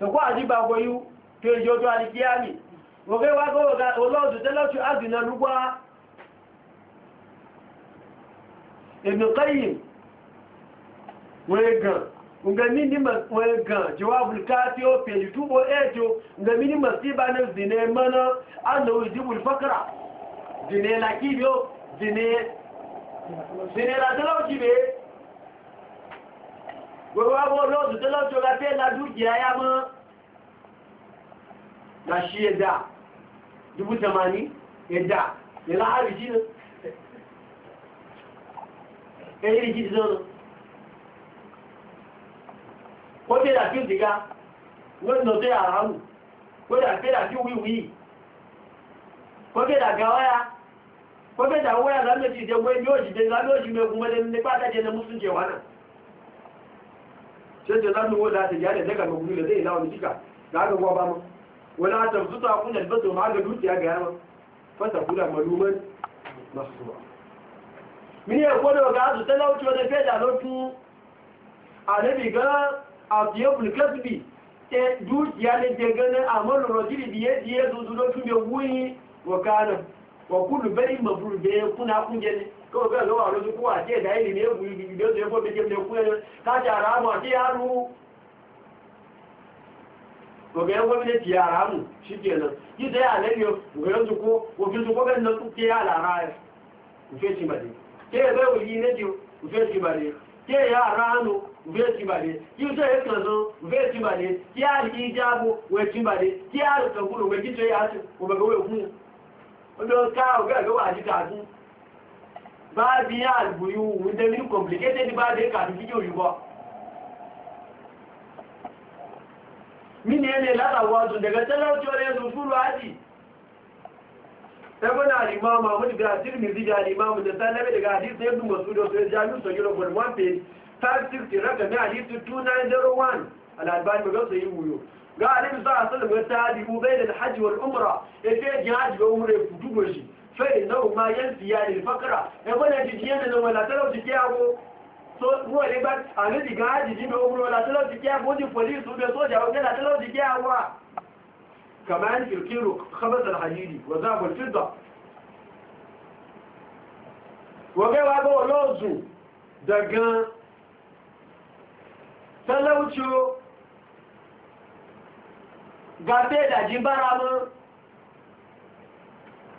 سوكوا عجيب بانغو kí o jọjọ́ alìkíyàmì òkè wá gọ́gọ́ olóòdù tẹ́lọ́tù àgbìnà lúgbà Ibn Qayyim wẹ́gàn nga mini wẹ́gàn jawabul kafi o pẹ̀lú túbọ̀ ẹjọ́ nga mini masiba na zine mana an na wujibul fakara zine lakibi o zine zine latalauci be gbogbo agbọ́ olóòdù tẹ́lọ́tù ọgá tẹ́lá dúkìá ya mọ́ ga shi ya da dubu tamani ya da ya la'ari shi ne ya yi rikici zaune ko ce da fiye diga wanda zai a ramu ko da fiye da fiye wiwi ko ce da gawaya ko ce da waya zanen ci da wani yau shi da zanen mai kuma da ne ba ta na musun cewa nan sai da zanen wanda ta jari daga magudu da zai lawa da cika da aka gwa ba mu wala ta zuta kun albasa ma ga dukiya ga yawa fata kula maluman masruwa min ya godo ga su talauci wata fiye da lotu a nabi ga abdiyabul kasbi e dukiya ne ke ganin amalu rajuli biye biye zuzu lotu bai wuyi wa kanan wa kullu bari mabru be kuna kunje ne ko ga ga wa rozu ce da ilimi ne guyi bi do je ko be ne ku ka ja ra mo ti aru ga yan gwamnati ya ramu shi ke nan yi da ya laliyo ga yanzu ko wafi su ko ganin su ke ya lara ya ufe shi ba ne ke ya bai wuli na ji ufe shi ba ne ke ya ranu ufe shi ba ne yi da ya kanzo ufe shi ba ne ke ya alki jabo wai shi ba ne ke ya alka gudu mai gizo ya su ko ba ga wai kun wanda ka ga ga wa ji ta su ba biya mini ne larawa su daga talauciyar ya zufu haji sabon alimama wani ga tirmizi ga alimamu da sallabe daga hadisi ibn masud da sai jami'u sahiru for one page 560 raka mai hadisi 2901 al-albani ga sai wuyo ga alim sa asalin ga tabi'u bayan al-hajj wal umra yace jihad ga umra ku dubo shi fa inna ma yanfiya lil fakara ya bana jiyan da wala talauci tó mú ọ̀lẹ́ bá àlójì gan ájìjì ní ogun ọ̀lá tọ́lọ́ ti kí á bójì pọ̀lísù bẹ sójà ọ̀gẹ́lá tọ́lọ́ ti kí á wà kàmáyàn kìrìkìrò kọbẹ̀sàn àyíri wọ̀zá àbòlfíìdà wọ̀gẹ́wà bọ́ olóòzù dàgán tọ́lọ́wùchó gàtẹ́ ìdàjí bára mọ́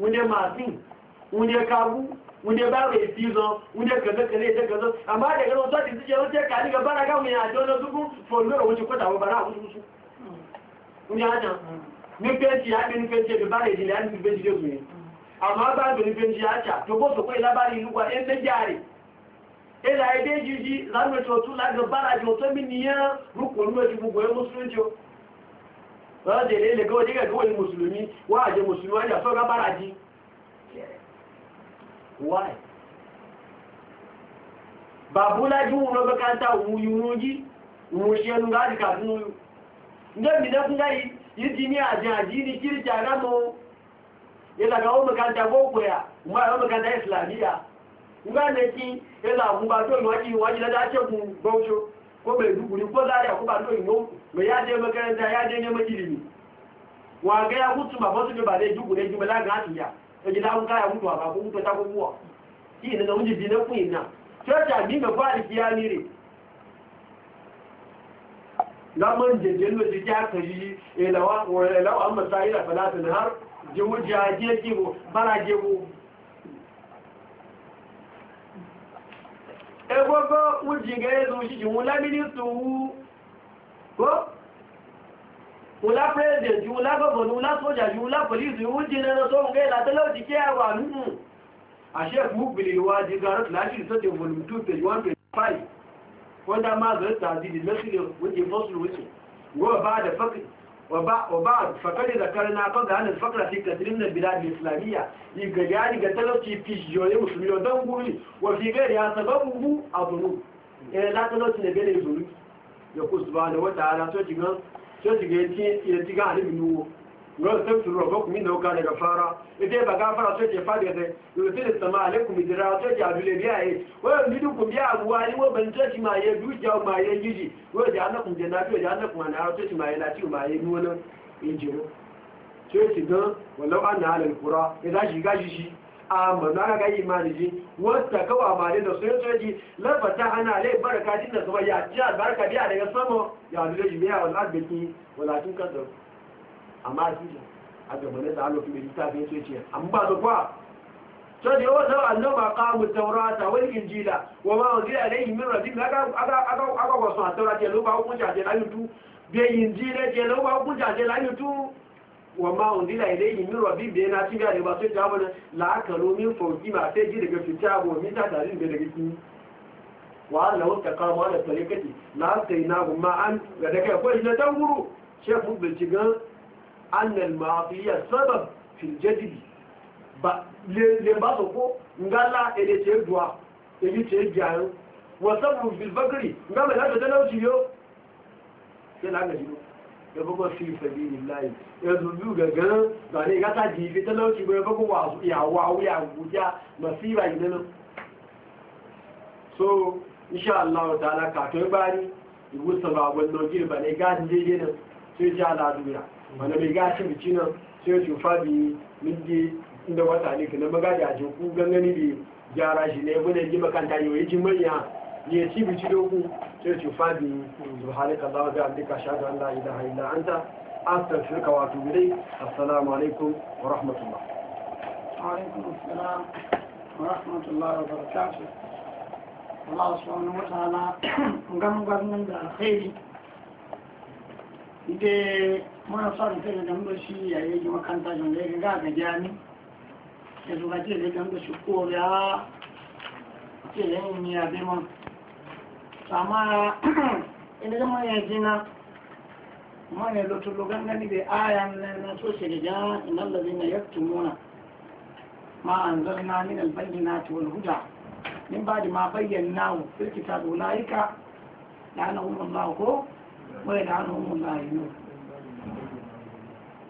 wunde masin wunde kagu wunde babu ya fi zon wunde kaza kaza kazo amma da gano zuwa da suke wuce ka ni gaba na gamu ya jo na zuku folmero wuce kwata ba bara wuce wuce wunde hajjan ni fenti ya ni bara ya ni fenti ya zuwa amma ba da ni fenti ya ta to ko lugwa da ya dai jiji zamu to tu la gaba jo to niya wọ́n jẹ́ ilé kọ́ dígẹ̀ kọ́ ní mùsùlùmí wọ́n àjẹ́ mùsùlùmí wọ́n jẹ́ sọ́gá bára jí why bàbúlájú wọn mẹ́kántà wùyún jí wùn ṣe ń gáàdì kàfún oyún ndé mi dẹ́kun gáyì yìí ti ní àjẹ́ àjí ní kíríkì àgámọ́ ìlàgà ó mẹ́kántà gbóòpò yà kanta àwọn mẹ́kántà ìsìlámì yà ń gbá nẹ́kí ko mai duguri ko zariya ko kuma nuna imo mai ya je makaranta ya je neman ilimi wa ga ya mutu ba su ne ba dai dugure ji bala ga hatiya ta gida an kaya mutuwa ba ko mutu ta ko buwa shi ne da wuce bi na kuyin na church bi mai kwari kiya ni re na man je je no ji ya kari elawa eh, elawa eh, amma sai da falata har je wuce ya je ki bo bara je bo egogo wujinga ezu shiji wula ministu wu ko wula president wula governor wula soldier wula police wujina na so ngai la tele dike awa nu a chef mubili wa di garot la ji so te volume 2 page 125 wanda ma zai ta di mesile wujin fosil wuce wa ba da fakir وبعد فقد ذكرنا قبل أن الفقر في كثير من البلاد الإسلامية يقال قتلوا في بيجيوني وشميلو دنبوري وفي غيرها سببه الظنوب لا تلوت نبيل الظنوب يقول سبحانه وتعالى سوتي قال سوتي قال يتيقى عن lọ́dún tó tún rọ̀gbọ́n kùmí náà kan daga fara ita yi ba gafara tó ke fadi ta yóò tí da sama alaikum idira tó ke adule biya yi wọ́n yi dukun biya abuwa yi wọ́n bẹ̀rẹ̀ tó ti ma yẹ dukiya ma yẹ yiji wọ́n jẹ́ anakun jẹ́ náà tó jẹ́ anakun àná tó ti ma yẹ láti ma yẹ nuna injinu tó ti gan wọ́lọ́ an na alal kura idan shi gashi shi amma na ga yi ma ji wata kawa ma da soyayya soyayya lafata ana lai baraka din da sama ya ci albarka biya daga sama ya adule biya wal albiki walakin kadar àmá àjíjà agbẹ̀mọ̀lẹ́ta alófin méjì tàbí ètò ìtìyà àmúgbà tó pàá sọ́dí ó sọ àlọ́mà káàmù taurata wọ́n ìjìlá wọ́n máa ń rí àlẹ́yìn mìíràn bí agbàgbọ̀sán àtọ́ra jẹ ló bá ó kúnjà jẹ láyé tú bí èyìn jílẹ̀ jẹ ló bá ó kúnjà jẹ wọ́n máa àlẹ́yìn mìíràn jí annal ma'afiyya sabab fil jadili ba le ba so ko ngala ele te duwa ele te jayo wa sabu bil bakri ngama la da lauci yo sai la gaji ya bago fi sabilillahi ya zubu gaga da ne gata jibi talauci ba ya bago wa ya wa ya guja masiba idan so insha Allah ta'ala ka to bari ibu sababun loje ba ne ga jeje nan sai ja la duniya mana bai ga shi biki nan sai su fabi mindi inda wata ne kana magaji a jinku gangani bi gyara shi ne bude ji makanta yau yi jimanya ne ci biki doku sai su fabi subhanaka allah wa bihamdika ashhadu an la ilaha illa anta astaghfiruka wa atubu ilayk assalamu alaikum wa rahmatullah wa alaikum assalam wa rahmatullahi wa barakatuh Allah subhanahu wa ta'ala <clears throat> gangan da alkhairi ite. muna sa da kai da mu shi ya yi makanta jon da ga ga jami ya zuwa ce da kan shi ko ya ce ya yi ni abi ma sama ina zama ya jina ma ne lotu logan gani da ayan na so shi ga inna allazina yaktumuna ma anzalna min albayyinati wal huda min ba'di ma wa yi ka kitabi ulaika la'anahum allah ko wa la'anahum allah yunus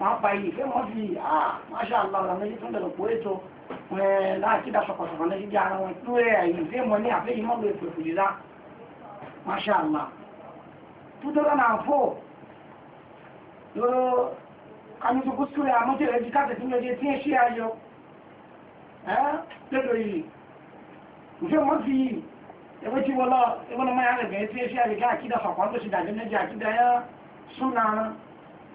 wọ́n pa iyì pé wọ́n fi ah masha allah ọ̀rọ̀ méjì tó ń dẹ̀rọ̀ pòé tó láti dá sọ̀kọ̀sọ̀kọ̀ méjì bí ara wọn tó rẹ̀ àyè ìfẹ́ mọ́ ní àfẹ́ ìmọ̀ lè pèpè rírá masha allah tó tọ́lá náà fò lóró kamitu kuskure a mọ́tò rẹ̀ di káàkiri tí ó jẹ́ tí ń ṣe ayọ̀ lọ́dọ̀ yìí ìfẹ́ wọ́n fi ẹgbẹ́ tí wọ́n lọ ẹgbẹ́ lọ́mọ yára gẹ̀ẹ́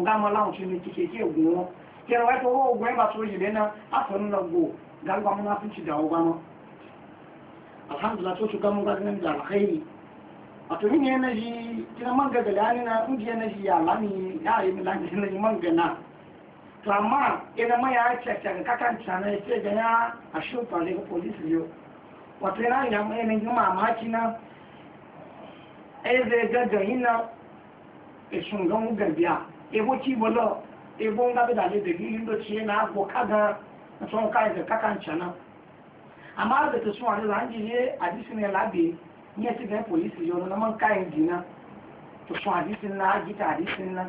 nga ma lawo shi ne kike ke go ke wa to go ba so yi bena a so na go gal ba mun afin ci da o ba no alhamdulillah to su ga mun ga nan da alkhairi a to ni ne ji kina man ga galani na inji ne ji ya lami ya yi mi lan ne ji man ga na to amma ina ma ya ce ce ka kan tsana ya ce ga ya a shi fa le police yo wato ina ina mai ne ji mamaki na ai zai ga ga ina e sun ga mu ga biya ebo ci bolo ebo nga bi dale da gilin do ci na agbo kaga na son kai da kakan cana amma da ta sun wani zanji ne a disi ne labe ne ti ga polisi yo na man kai dina to sun a disi na gita a disi e na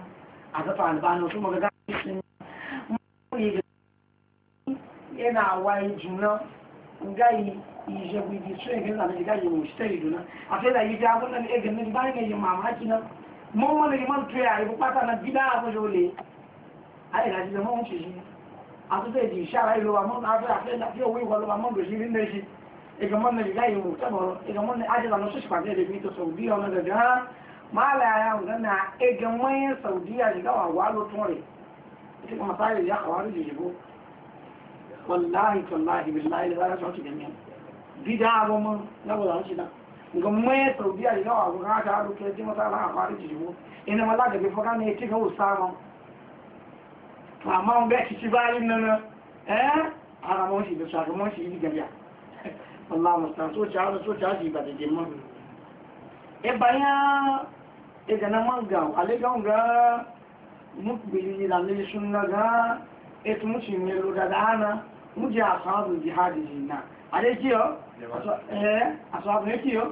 a ga albano su maga ga disi yana wai juna ngai ije gudi sun ga na e ga yi mu stay duna afela yi da abun nan e ga ne ba ga yi mamaki na mọ́mọ́ lè mọ́ tẹ́ àrífù pátánà gídá àbújọ olè ayìnàjíjẹ mọ́ ṣe ṣe àtúntẹ̀ ìdí ìṣàrá ìlú wa mọ́n afẹ́ àfẹ́ láti owó ìwọ̀ lọ́wọ́ mọ́n dòṣì rí lẹ́ṣì ìgbẹ̀mọ́ lè láì wò tẹ́bọ̀rọ̀ ìgbẹ̀mọ́ lè ájẹ́lá lọ ṣíṣì pàdé ẹ̀dẹ̀bí tó sọ̀rọ̀ bí ọ̀nà dẹ̀dẹ̀ ha máa lè ara ọ̀gán na ẹgbẹ̀mọ́ yẹn sọ̀rọ̀ bí àjẹ́gá wà wà ló tún rẹ̀ tí kò máa sáré ìyá kàwárí lè yìí wọ́n láhìí tó láhìí bí láhìí lè rárá sọ́ọ̀tì ga mai saudiya da yawa ga haka haru ke ji mata ala a fara jijibu ina mala ga bi faka ne cika usama to amma mun ga kici bayin nan eh ana mun shi da shaka mun shi ga ya <laughs> Allah musta so ta ala so ta ji ba da jimma e baya e ga na manga ale ga ga mukbili la ne sunna ga e tumu shi ne lo da ana muje asabu jihadi jinna ale ji o asabı ne diyor?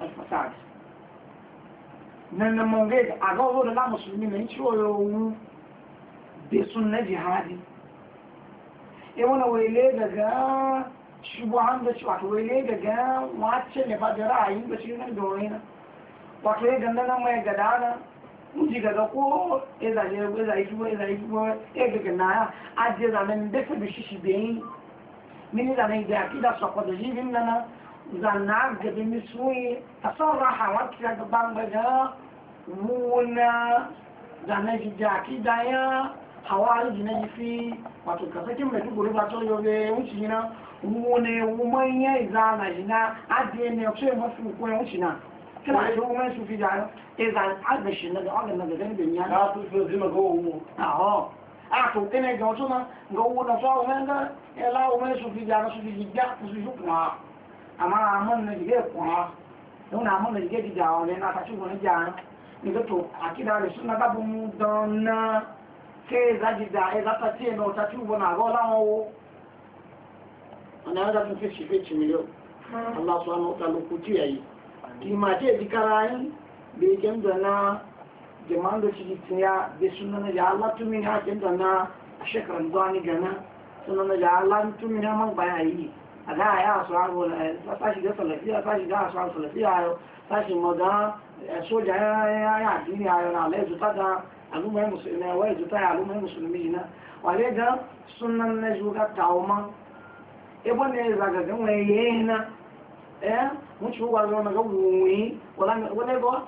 El-Fasad. Nenne mongega, aga musulmi men hiç oyo onu be sunne E daga da daga maçe ne ba da ra'ayin da shi nan dole na. Wato ya ganda nan mai gada na muji daga ko e da je e da da shi shi من لنا إذا كده سقط جيب لنا إذا نعرف بمسوي تصرح وكذا ضم بجا ونا إذا نجي كده يا حوالي نجفي وتكسر كم لكن قريب أتولي وشينا wone wumanye izana jina adene okse mafi ko yonchina kila jo wumen su fi da izan adne shina da ogana da gani benya na tu fi zima go wumo ato ene ga otuma ga wona fa o menga ela o men su fija na su fija su ju kwa ama amon ne ge kwa no na amon ne ge di ja o ne na ta chu ne ja ni ga to akida le sunna da bu mu donna ke za di da e za ta ti no ta chu bona go la o ana da mu fi shi fi miliyo jaman da ciki tiya da suna na jala tumi na hakin da na shekaran zuwa ni gana suna na jala tumi na man baya yi a ga ya asu abu da sashi ga salafiya sashi ga asu abu salafiya yau sashi maga soja ya ya addini yau na alai zuta da alumai musulmi wai zuta ya alumai musulmi na wale ga sunan na juga tawoma ebo ne zagagan wai yayi na eh mun ci gwa zo na ga wuwi wala wala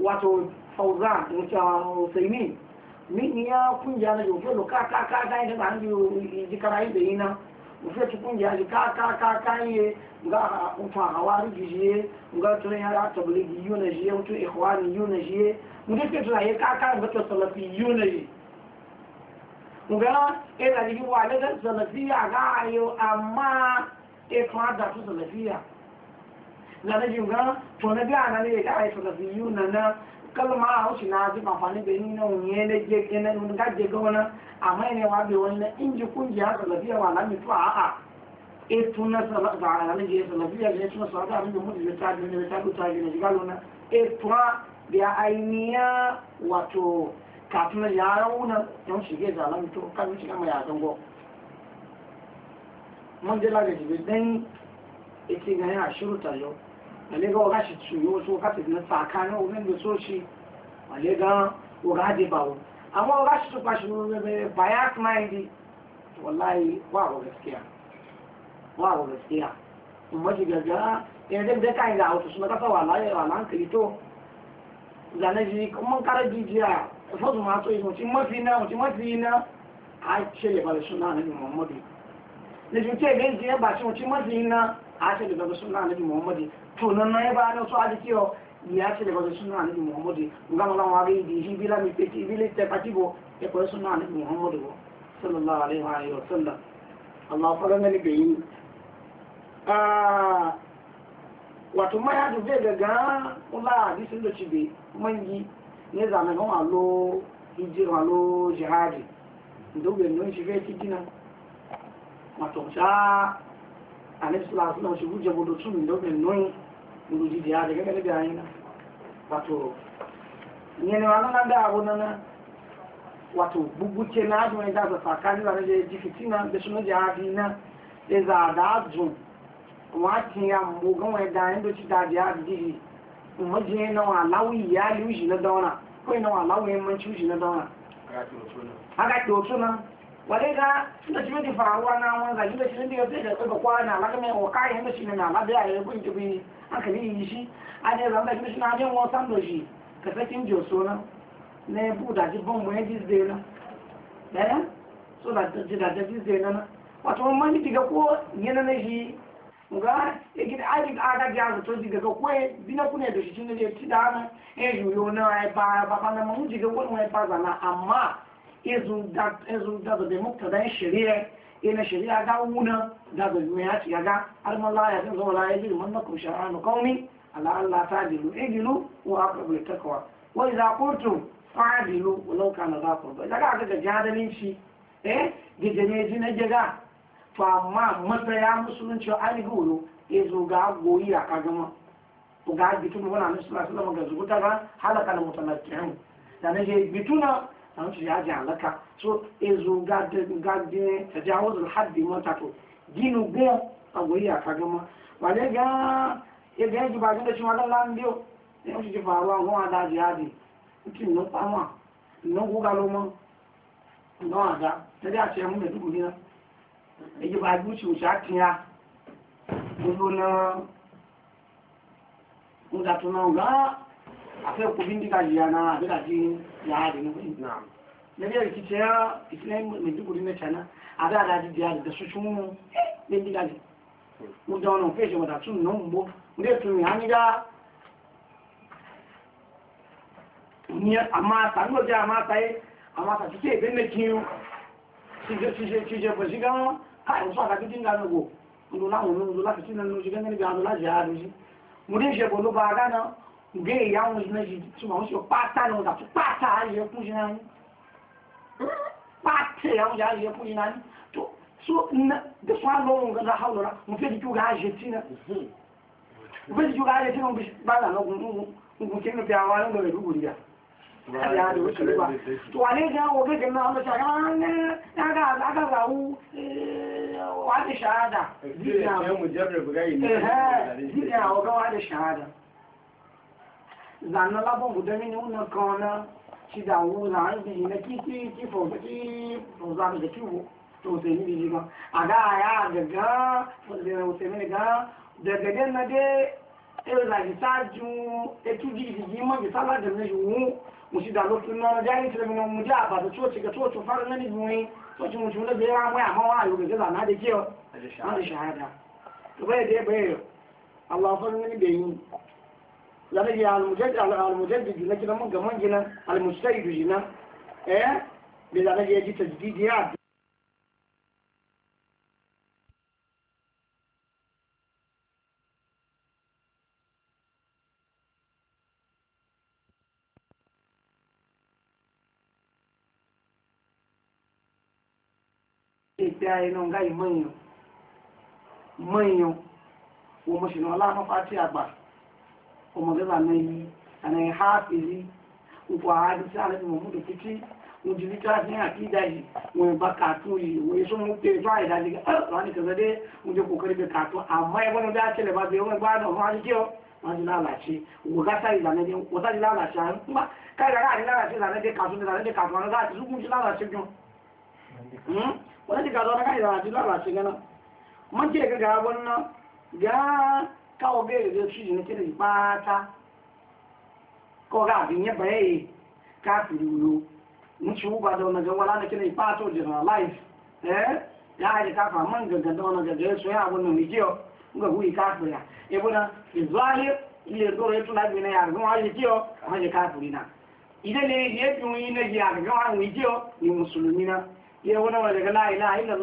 wato fauzan usaimin min ya kungiya na yau lo ka ka ka ka ne ba ni ji karai da ina ufe ci kungiya ji ka ka ka ka ye ga ufa hawari ji ga tun ya ra tabligi yuna ji ya mutu ikhwani yuna ji mu dake tun ya ka ka ga to salafi yuna ji mu ga ina ji wa da salafiya ga ayo amma e fa da salafiya na ji ga to na ga na ne ga ai salafiyu na na kalma a haushi na ji amfani da yin nan ne na je na ga je ga wani amma ne wa bi wannan in ji kungiya salafiya wa lami to a a e tuna salafiya ne je salafiya ne tuna salafiya ne mu da ta ne ta ta ne ga lona e tuna da ainiya wato kafin ya rauna don shige zalam to kan shi kama ya zango mun je da jibi dan e ga ya shiru ta yau ale ga waka shi tsuyo so ka tafi na tsakanin wurin da soci ale ga waka de bawo amma waka shi tuka shi wurin bias mind wallahi wa ga gaskiya wa ga gaskiya kuma shi gaga yana da kai da auto suna kasa wallahi wa nan krito zane ji kuma kare bidiya fa su ma to yi mutum mafi na mutum mafi na a ce ya bala suna na muhammadu ne shi ke gaji ya ba shi mutum mafi na a ce daga sunna annabi muhammad to nan na ba na so aji kiyo ya ce daga sunna annabi muhammad ngam ngam wa ri di hibila mi pe hibile te patibo e ko sunna annabi muhammad sallallahu alaihi wa alihi wasallam Allah fara ne ga yi ah wato ma ya dube daga ula di sun da cibe mangi ne zamanin alo hijira alo jihadi dubbe non shi fe kidina wato sha anisula suna shi guje budu su min domin nun budu ji ya daga gani da yana wato ne ne wannan da abu nan wato bubuce na azu ne da tsakani da ne ji fitina da shi ji hadi na e za da azu wa tin ya mu gan wai da yin doci da ya di mu je na wa lawi ya liuji na dauna ko na wa lawi mun ci na dauna haka to tuna wale ga tunda shi faruwa na wani zagi da shi ne ya na alaƙa mai wa kayan na ya yi gun kibi hankali yi shi a ne na ajiyar wasan da shi ka sakin joso na na ya ji ban wani jizde na ɗaya eh? so da ji da ji na wato wani mani diga ko na shi ga ya gida aji ga aga ji azu to diga ko ya bina kuna da shi shi ne da na ba ba ba na mun izun da zabe muka da e shari'a ina e shari'a ga wuna da da ya ci ga har man la ya san zo la ya ji man nakum shar'anu qaumi ala ta dilu ejilu wa aqrabu taqwa wa idza qultu fa'dilu law kana za ba daga ga jadalin shi eh gidane ji na jaga to amma matsaya musulunci ni gulu izu ga goyi a kagama ga bitun wani annabi sallallahu alaihi wasallam ga zubuta ga halaka al mutanatti'un da ne bituna an su ya ji halaka so e zo gadin ta jawazin haddi mata to ginu gun a goyi a kagama ba ne ga ya ga yaji ba da shi magana biyo ne shi ji faruwa wọn a daji hadi mutum nan fama nan guga loma nan a da ta da ce mun da dubu gina ya ji ba guci wuce a tiya gudu na mutatuna akwai kudin da ya na da ji ya da ni na biyar ki ce ya islam mai duk kudin na cana a da da ji da da su cin ne diga ji mu da wannan feshi ya ni da ni amma ta no ja amma ta yi amma ta kike ben ne kiyo shi je shi je shi je ba shi ga ka yi gé ìyá wọn jìnnà yìí túmọ̀ wọn sì pátá ni wọn dàtú pátá ayẹyẹ fún jìnnà ni pátá ìyá wọn jìnnà ayẹyẹ fún jìnnà ni tó so na da su an lọ́wọ́ nǹkan láhàá lọ́ra mo fẹ́ dijú ga ayé tí náà mo fẹ́ dijú ga ayé tí náà bá nà lọ́gùn nǹkan tí náà fi àwọn ará lọ́rẹ̀ lúgbò níyà tó wà ní gan wo gẹ́gẹ́ náà lọ́sà agàgàwú wà á lè ṣàádà. ẹ̀hẹ́ dídì àwọn kan wà á lè ṣàádà zanna labon gudami ne wannan kawana shi da wuri an bi na kiti ki fo ki fo za da kiwo to sai ni bi ma aga ya gaga da sai ne ga da gaga na de e la ki saju e tu di di ma ki sala da ne ju mu shi da lokacin na da ni tare mu ja ba da to ci ga to to fara ne ni to ci mu ci da ya ma ya ma wa yo ga zanna da kiyo da shahada to bai dai bai Allah fa ne da yi zane ya almujaddid almujaddid jina, kina mun gaman gina almustahid jina, eh bi zane ya ji tajdid ya ìpẹ́ inú gáì mọ́yàn mọ́yàn wo mo ṣìnà ọlá fún pátí àgbà ọmọdé lànà yìí àná ìhá àfẹ́rí òkú àádìsí àrẹ́bí mọ̀múdù títí wọn ti ríta ní àkídà yìí wọn ìbá kàtún yìí wọn èso mú pé ìfá ìdájí wọn ni ah, kẹsẹ̀ dé wọn ti kò kéré bí kàtún àmọ́ ẹgbẹ́ wọn bí a tẹ̀lé bá bẹ wọn gbádùn wọn á ti jẹ́ ọ wọn ti lálàṣẹ wògátà ìlànà dé wọ́n ti lálàṣẹ àwọn nígbà káyọ̀ láàrin lálàṣẹ ìlànà dé kàtún ìlànà dé kàtún àwọn láti lùkùn ti lálàṣẹ gan hmm? wọ́n ti kàtún ọ̀nà káyọ̀ láti lálàṣẹ gan káwọ́ bẹ̀rẹ̀ lé ṣíṣe ní kíni pátá kọ́ra àbí yẹn bẹ̀rẹ̀ káàkiri wo ń ṣe dọ́nà jẹ́ wọ́n lánà kíni pátá òjìrà láìf ẹ́ àyè káfà mọ́ dọ́nà gẹ̀gẹ̀ káàkiri à na ilé ìgboro ètò láti ní àgbọn ayé jí ọ wọ́n ilé ní ìyẹ́ fi wọn yín lẹ́yìn àgbọn àwọn ìjì ọ ni mùsùlùmí náà yẹ wọn náà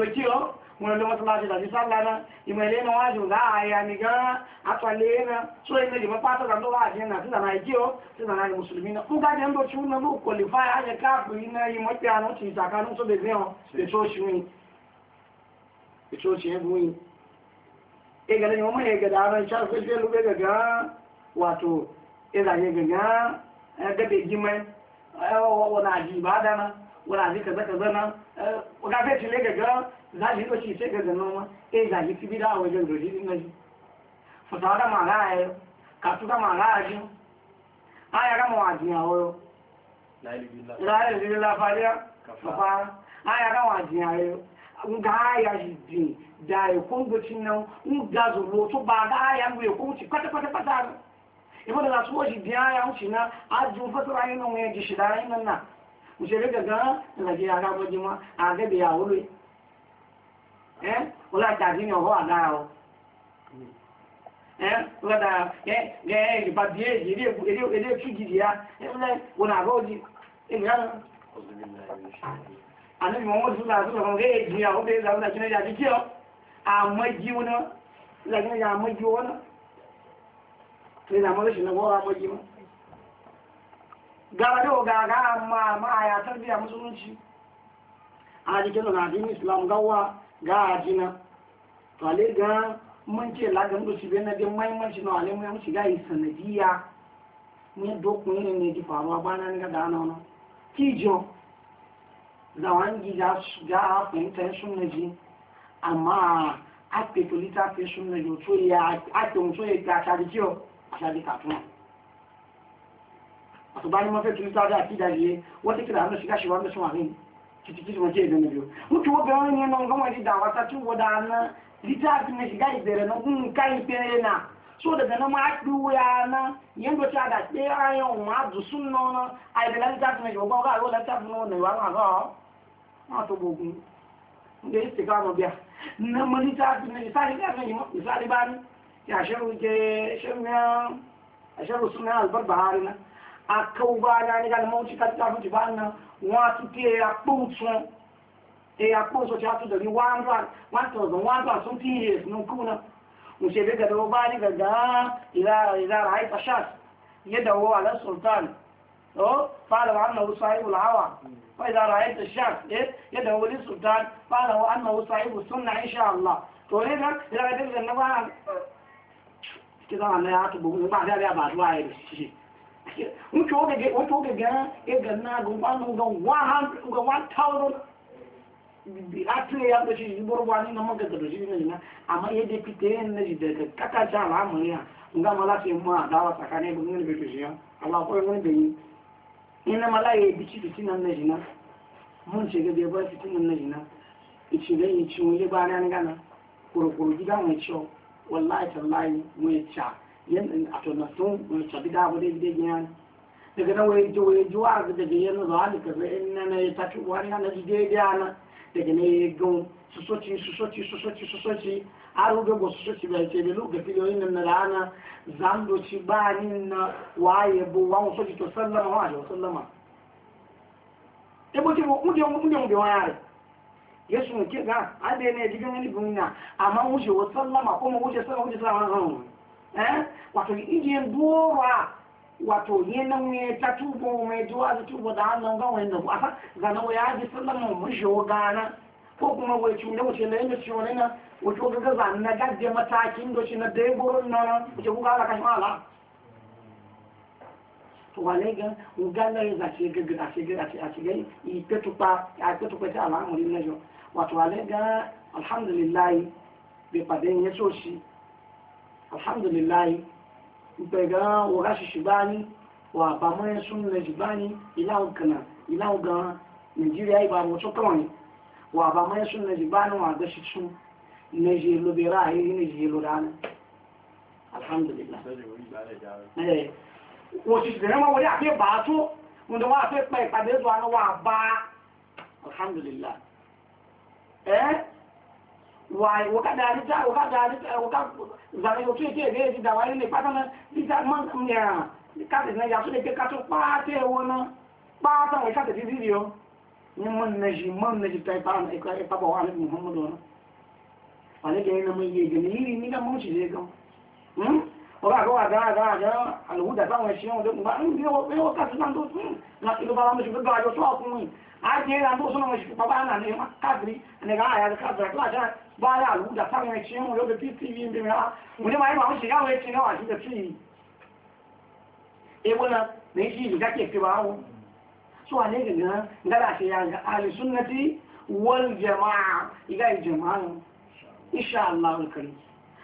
lọ wọn lọ́wọ́ tó láti dàbí sáàlá náà ìmọ̀lẹ́ náà wájú láàáyà ní gan àtọ̀lẹ́ náà tó ilé ìmọ̀ pátọ́gbà tó wà àti ẹ̀nà tí dànà ìjí ó tí na ní na náà kó gájẹ́ ń bó tí ó náà ló kò lè fáyà á yẹ káàpù iná ìmọ̀ pé àná ti ìtàkà wọ́n àti tẹ̀gbẹ́tẹ̀gbẹ́ náà ọ̀gá fẹ́ ti lé gẹ̀gẹ́ láti ló ti ṣe gẹ̀gẹ́ náà wọ́n ẹ̀ ìlàjì ti bí dáwọn ọjọ́ ìròyìn nínú ẹ̀jú fọ̀tàwọ́dá máa ráà ẹ̀ kàtúkà máa ráà jú ayára mọ̀ àdìyàn ọ̀rọ̀ láìlélá fàríà fàfà ayára mọ̀ àdìyàn ẹ̀rọ nga aya yìí da ẹ̀kọ́ ngbòtí náà ń ga zòlò tó bá dá aya ngbò òṣèré gẹ̀gán ìrìnàjò ara ọmọdé wọn àgẹ́bẹ̀ ìyàwó rẹ̀ ẹ́ ọlájà ọ̀họ́ àdára ọ ẹ́ ọlọ́dà ẹ́ ìbá bí èyí eré tújìdì ya ẹ́ wọn àgọ́ òjì èmi wọ́n láti ọ̀rọ̀ rẹ̀ èjì àwọn obìnrin ìlànà ìlànà ìlànà ìjì garado gaga amma ma'aya tarbiya musulunci a jikin na adini islam gawa ga ajina tale ga mun ce lagan da shi na bin mahimmanci na alimu ya mushi gayi sanadiya ne dokun ne ne di faruwa bana ni ga da ana wani kijo zawangi ga ga fahimtar sunnaji amma a petolita fi sunnaji otu ya ake mutu ya ga shadi kiyo a shadi katuna asubani mafi tun ta da akida ne wata kira hannu shiga shi wanda suna rin kitikiti wace idan na biyu mutu wa bayan ne nan gama ji dawa ta tun wada na littafin na shiga izere na gun kai fere na so daga na ma duya na yanda ta da ɗaya ayan ma du sun nona a idan na littafin na shiga ga ro littafin na wannan yawan ga ma to gogun da yi tsika ma biya na ma littafin na isa littafin na misali bani ya shirin ke shirin ya shirin suna albar baharina akaubana nigani monti katitafu tibana watu ti eyakputsu eyakputsu tatu dari wandu wantu wantu asumti yes nukuna musebe gada obani gada ila ila raita shas yada huwa ala sultan o fala wa annahu sahibu alhawa wa ila raita shas yada huwa li sultan fala wa annahu sahibu sunna insha Allah to ne ga ila ga dinga na ba kidan Allah ya tubu ba da ba duwa ya shi year nchi oge ga wata ga na ya mkpechi ji bụrụ gwa nina maka gadoji nina nina ama ihe dị pita ihe nne daga kakacha ala amụ ya nga a dawa tsakanin ebe nwere betoji ya ala akwai nwere beyi ina na na yan in ato na to mo sa bida ko din din yan daga na way jo way jo ar da ge yan za e, ni kare in na na ta ku wari na di de de ana daga ne e, go su so ti su so ti su so ti su so ti aru ge go su so ti ga ti de lu ge ti yo in na na ana zan do ci ba ni na waye bu wa e, so ti to sallama wa jo sallama e mo ti mo mo de mo mo de wa yare yesu mo ke ga ade ne di ga ni bu na ama mo je wa sallama ko mo je sallama mo je sallama Eh? wato ije bora wato yenan ne ta tubo mai zuwa da tubo da hannun gawa yadda ba fa zana wa yaji sallama mushe wa gana ko kuma wai cunde wace da yadda shi na wace gaga zan na gaje matakin da na dai burin na wace kuka ala kashi ala to wale ga uganda ya zace gaga a ce gaga a ce gai i petupa a petupa ta al'amuri na jo wato wale ga alhamdulillah bai fadin ya so shi alhamdulillahi mpega wagashi shibani wa bamayan sun na jibani ilahun kana ilahun gan nigeria iba mutu kawai wa bamayan sun na jibani wa gashi sun na je lobera a yi na je lorana alhamdulillah wọ́n ti ṣẹ̀rẹ̀ mọ́ wọlé àfẹ́ zàrẹ́gbò tí ètí èdè èdè ìdàwà ilẹ̀ pátánà títà mọ́n ẹ̀ràn káàtì náà yàtọ̀ lè pé kátó pàátẹ́ ẹwọ náà pàátà wọ́n káàtì títí rí ọ ní mọ́n nẹ́jì mọ́n nẹ́jì tó ìpapọ̀ wà nípa muhammadu wọn àlẹ́gẹ̀ ẹ̀rọ mọ́ iye ìgbẹ̀mí yìí ní ká mọ́n ṣìṣẹ́ gan ọba àgọ́wà dáadáa àlùwúdà táwọn ẹ̀ṣẹ́ wọn aje na ndo suna mashi baba na ne kadri ne ga ya da kadra kla ja ba la lu da fa ne chin mu lo be ptv mbe ma mu ne mai ma mu shi ga we chin wa shi e da fi e bona ne shi ga ke fi ba wo so ale ga na ngala shi ya ga ahli sunnati wal jamaa iga jamaa insha Allah al karim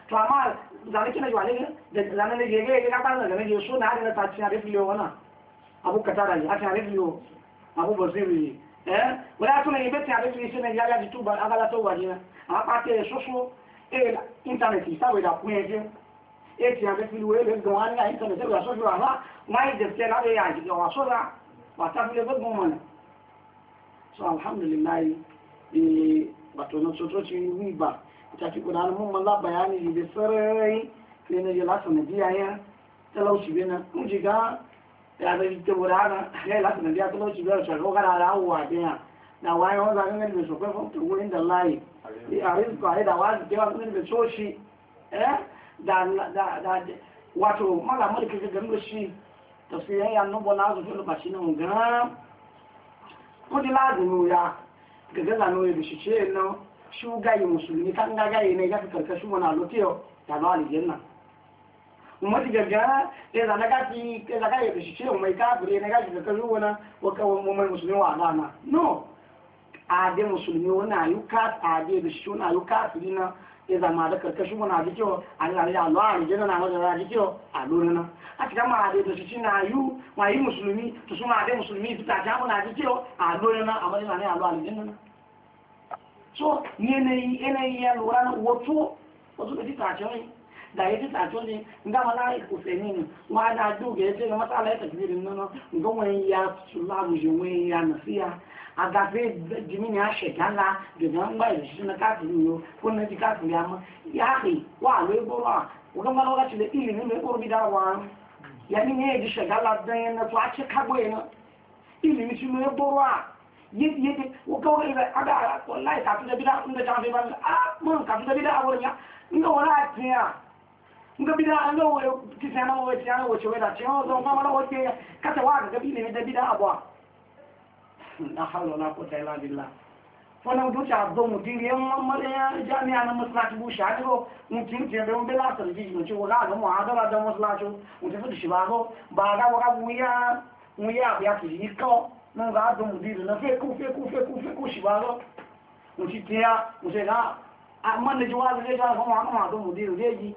to amma zalike na jwale ga da zanan ne ga ga ga ta na ga ne so na da ta cin a refiyo abu katara ne a ta mabubo ziri eh wala tuna ibeti abetu isene yala dituba agala to wajina apate soso e internet isawe da kwenje e ti abetu liwe le gwan ya internet e so jura ha mai de tela de ya ji wa so da wa ta bile bo mo so alhamdulillah e wato na so to ci wiba ta ci kuna mun man la bayani da sarai ne ne ya la sanadiya ya talauci bena kun jiga ya da bitte burana ne la dia tulo ci bel shago kana ala wa dia na wai ho da ngani be so pe fo tu in the life i arin ko ai da wa de wa ngani be so shi eh da da da wato mala mali ke ga ngo shi to sai yan yan no bona zo to ba shi no ga ko di la du ya ga ga no ye shi ce no shugayi musulmi kan ga ga ne ga karkashin wani alotiyo ta ba aljanna mati gaga ya ya mai na gashi daga zuwa na waka mai musulmi wa alama no musulmi na ya zama da karkashin a yi adị alwa a rijiyar na mazara aji kyau a na a cika ma ade da na yu ma yi musulmi to su musulmi su ta jamu na aji kyau a na a mazara ne a na so yanayi ya lura na wato da ya ji tato ne nga mala ya kusa ne da duga ya ce ga matsala ya tafi ya sula mu nwanyị ya nasiya a gafe jimini ya shekala da nan ba shi na kafin yo ko na ji kafin ya ma ya kai wa lo ya ya ni ne ya ji shekala to a ce yana ilimin shi mai wallahi da bida inda a mun ga bida an ga wani kisa na wace yana wace wai da ce yana zama mamara wace kasa wa ga bi ne da bida abuwa na haula na kota ila billah wannan duka abin mutum yan mamarin jami'a na masalaci bu shi hajjiro mutum ke da wani lasar jiji mutum wa ga muhadara da masalaci mutum su shi ba zo ba ga wa ga wuya wuya ya fi yi kawo nan ga abin mutum na feku feku feku feku shi ba zo mutum tiya mutum ga amma da jiwa zai ga kuma hannun abin mutum zai ji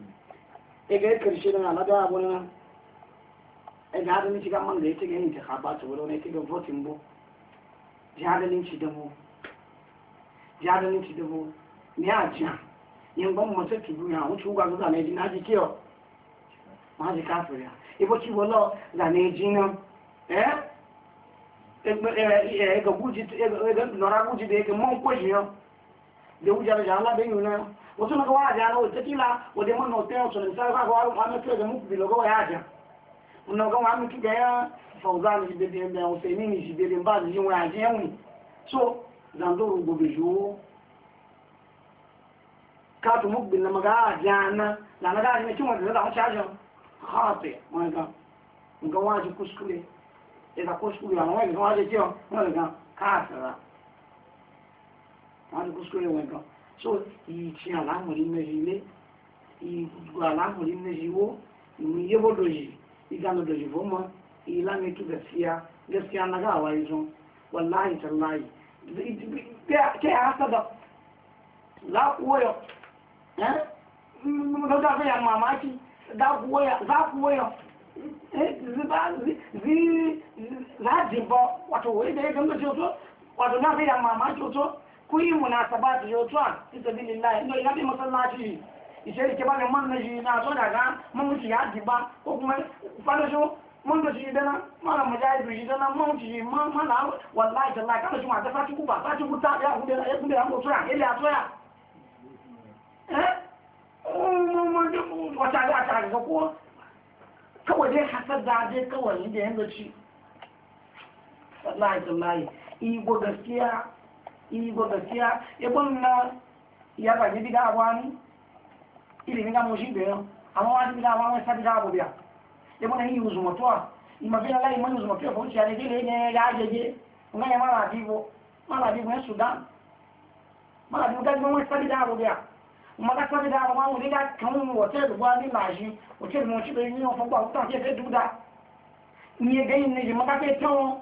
E ga ya karshe da na da abu na ga hada shiga man da ya tiga yin takaba ta wuri wani tiga votin bo jihadalin ci dabo jihadalin ci dabo ne a jiya yin ban mata ki duniya wuce uga zuwa na ji na ji kiyo ma ji kafiriya ibo ki wala da na e, e, ji nan eh ga guji ga nora guji da ya ga kwashi yau da wujar da ala da na wasu na kawo ajiya na wata kila wadda mun nauta yau sunan sai kawo wani kwanan kira da muku bilogo wa ya ajiya mun nauka wa muku ga ya fauza ni shi bebe da husaini ni shi bebe ba jin wa ajiya mu so zando rugo be ju ka tu muku bin na maga ajiya na na na ga ni kin wanda da mu charge khati mun ga mun ga wa ji kuskure e da kuskure ya mun ga wa ji kiyo mun ga ka tsara mun ga kuskure mun ga so ìtì àlámùrí méjì ilé ìgbò àlámùrí méjì wó ìmúyébòdòjì ìgànàdòjì fọmọ ìlànà ìtúbẹ̀ sí ya gaskiya na gawa yi sun wallahi tallahi ke ya hasa da laƙuwayo eh ga mm, ya mamaki laƙuwayo eh? zi lajibọ wato wai da ya gamba ce wato na fi ya mamaki wato kuyi munasabati yo twa fisabilillah ndo yabi masallaci ishe ike ba man na yi na so daga mun wuce ya ba ko kuma fana shi mun da shi dana mala mujahid shi dana mun wuce ma mala wallahi tallahi kana shi ma da fati ba fati ku ta ya ku ya ku da mu ya ele a tsaya eh mun ta ga ko kawai dai dai kawai da ci wallahi igbo ibo gaskiya ya na ya ba bi da wani ilimin ga moshin da yau amma wani da wani sabi da abubuwa ya bana yi uzumatuwa ima bi lai man uzumatuwa ko ciya ne dele ne ya jeje nga ya mara bibo mara bibo ya sudan mara bibo ga wani sabi da abubuwa ma ka sabi da abubuwa wani da kan hotel gwa ni laji hotel mo ci be ni on fo gwa utan ke fe duda ni e gayin ne je ma ka fe tan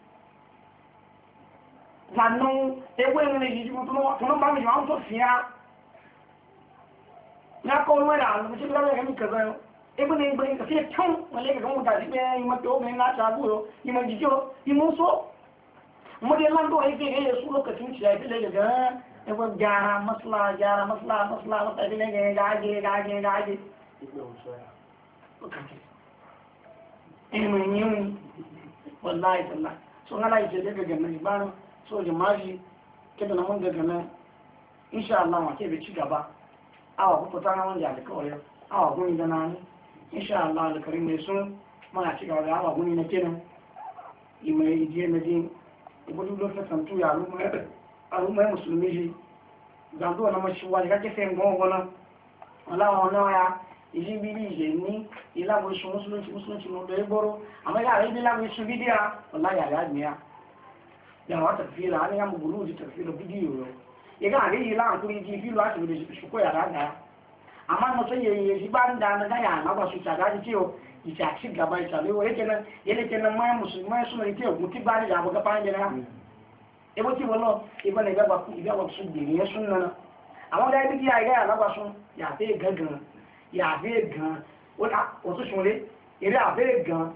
nanu ewe nne yijibu tunomba mi jibu to fiya na ko mo da mu ci dole kan ka zayo ebe ne ibe ka fiye tun so maji kebe na mun game nan insha Allah wa kebe ci gaba awa ku na wanda da kawai awa guni da nan insha Allah ne sun mana ci gaba da awa guni na kenan ime je na din gudu lokacin tu ya rumu musulmi ji zanzuwa na mashi da kake sayin goma e wala ya iji biri ije ni ilagun shi musulunci musulunci amma ya shi bidiya wala ya yanawa tafila ana yamu buruji tafila bidiyo yo yaga ari yi la kuri ji filu ati bi shuko ya ranga amma mo sai yayi shi ban da na ya na ba su ta ga ji yo ita ci gaba ita le ni ga ba ga na e bo ti wono e ba ne ga ba ku ga wa su bi sunna na amma da bi ya ga na ba sun ya fe gangan ya fe gan o ta o su shule ere gan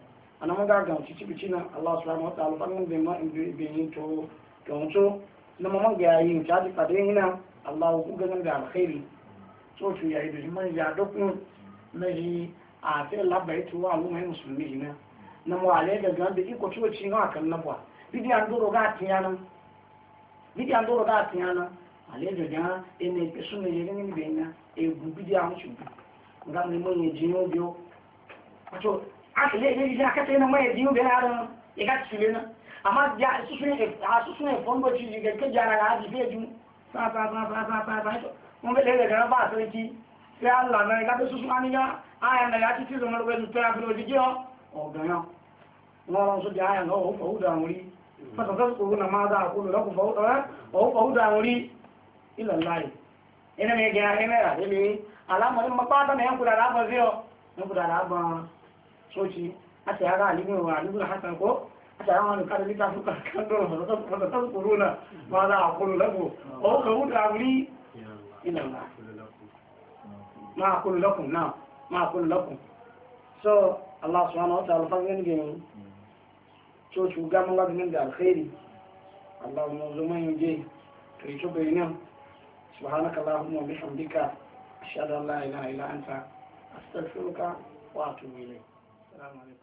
ana maga ga ci ci na Allah subhanahu wa ta'ala kan be ma indu be ni to to to na mama ga yi ta ji pade hina Allah ku ga ga alkhairi to to yayi da man ya dokun na yi a te labai to wa mu mai musulmi na na mu ale da ga da iko to ci na kan na ba bidi an doro ga tiyana bidi an doro ga tiyana ale da ga ene pesu ne yele ni be na e gu bidi an chu ngam ne mo ye jino bio to aka e e le ile ile aka tsaye mai biyu ga yaran ya ga tsule na amma ja su sune a su sune fongo ci ga ke jara ga haji feju sa sa sa sa sa sa sa mun ga le ga ba so ki sai Allah na e ga su sune ga aya na ya ci ci zama ga ta bi o dige o ga yo wọ́n sọ jẹ́ àyà náà ó fọ̀húdà àwọn orí fásitì kòrò na máa dáa kúrò lọ́kùn fọ̀húdà rẹ̀ ó fọ̀húdà àwọn orí ilẹ̀ láì ẹni mẹ́gẹ̀ ẹmẹ́rà lélẹ̀ alámọ̀lẹ́mọ̀ pátá mẹ́ ń kúrò soci a ta yara alimin wa alimin hasan ko a ta yawon kada lita suka kandoro wata ta tsoro na ma za a kulu lagu o ka wuta amri ina ma ma a kulu lakun na ma a kulu lakun so allah subhanahu wa ta'ala fangin gini coci gamin laginin da alkhairi allah mu zuma yin je to yi tuba yi nan سبحانك اللهم وبحمدك أشهد أن لا إله إلا أنت أستغفرك وأتوب إليك Gracias.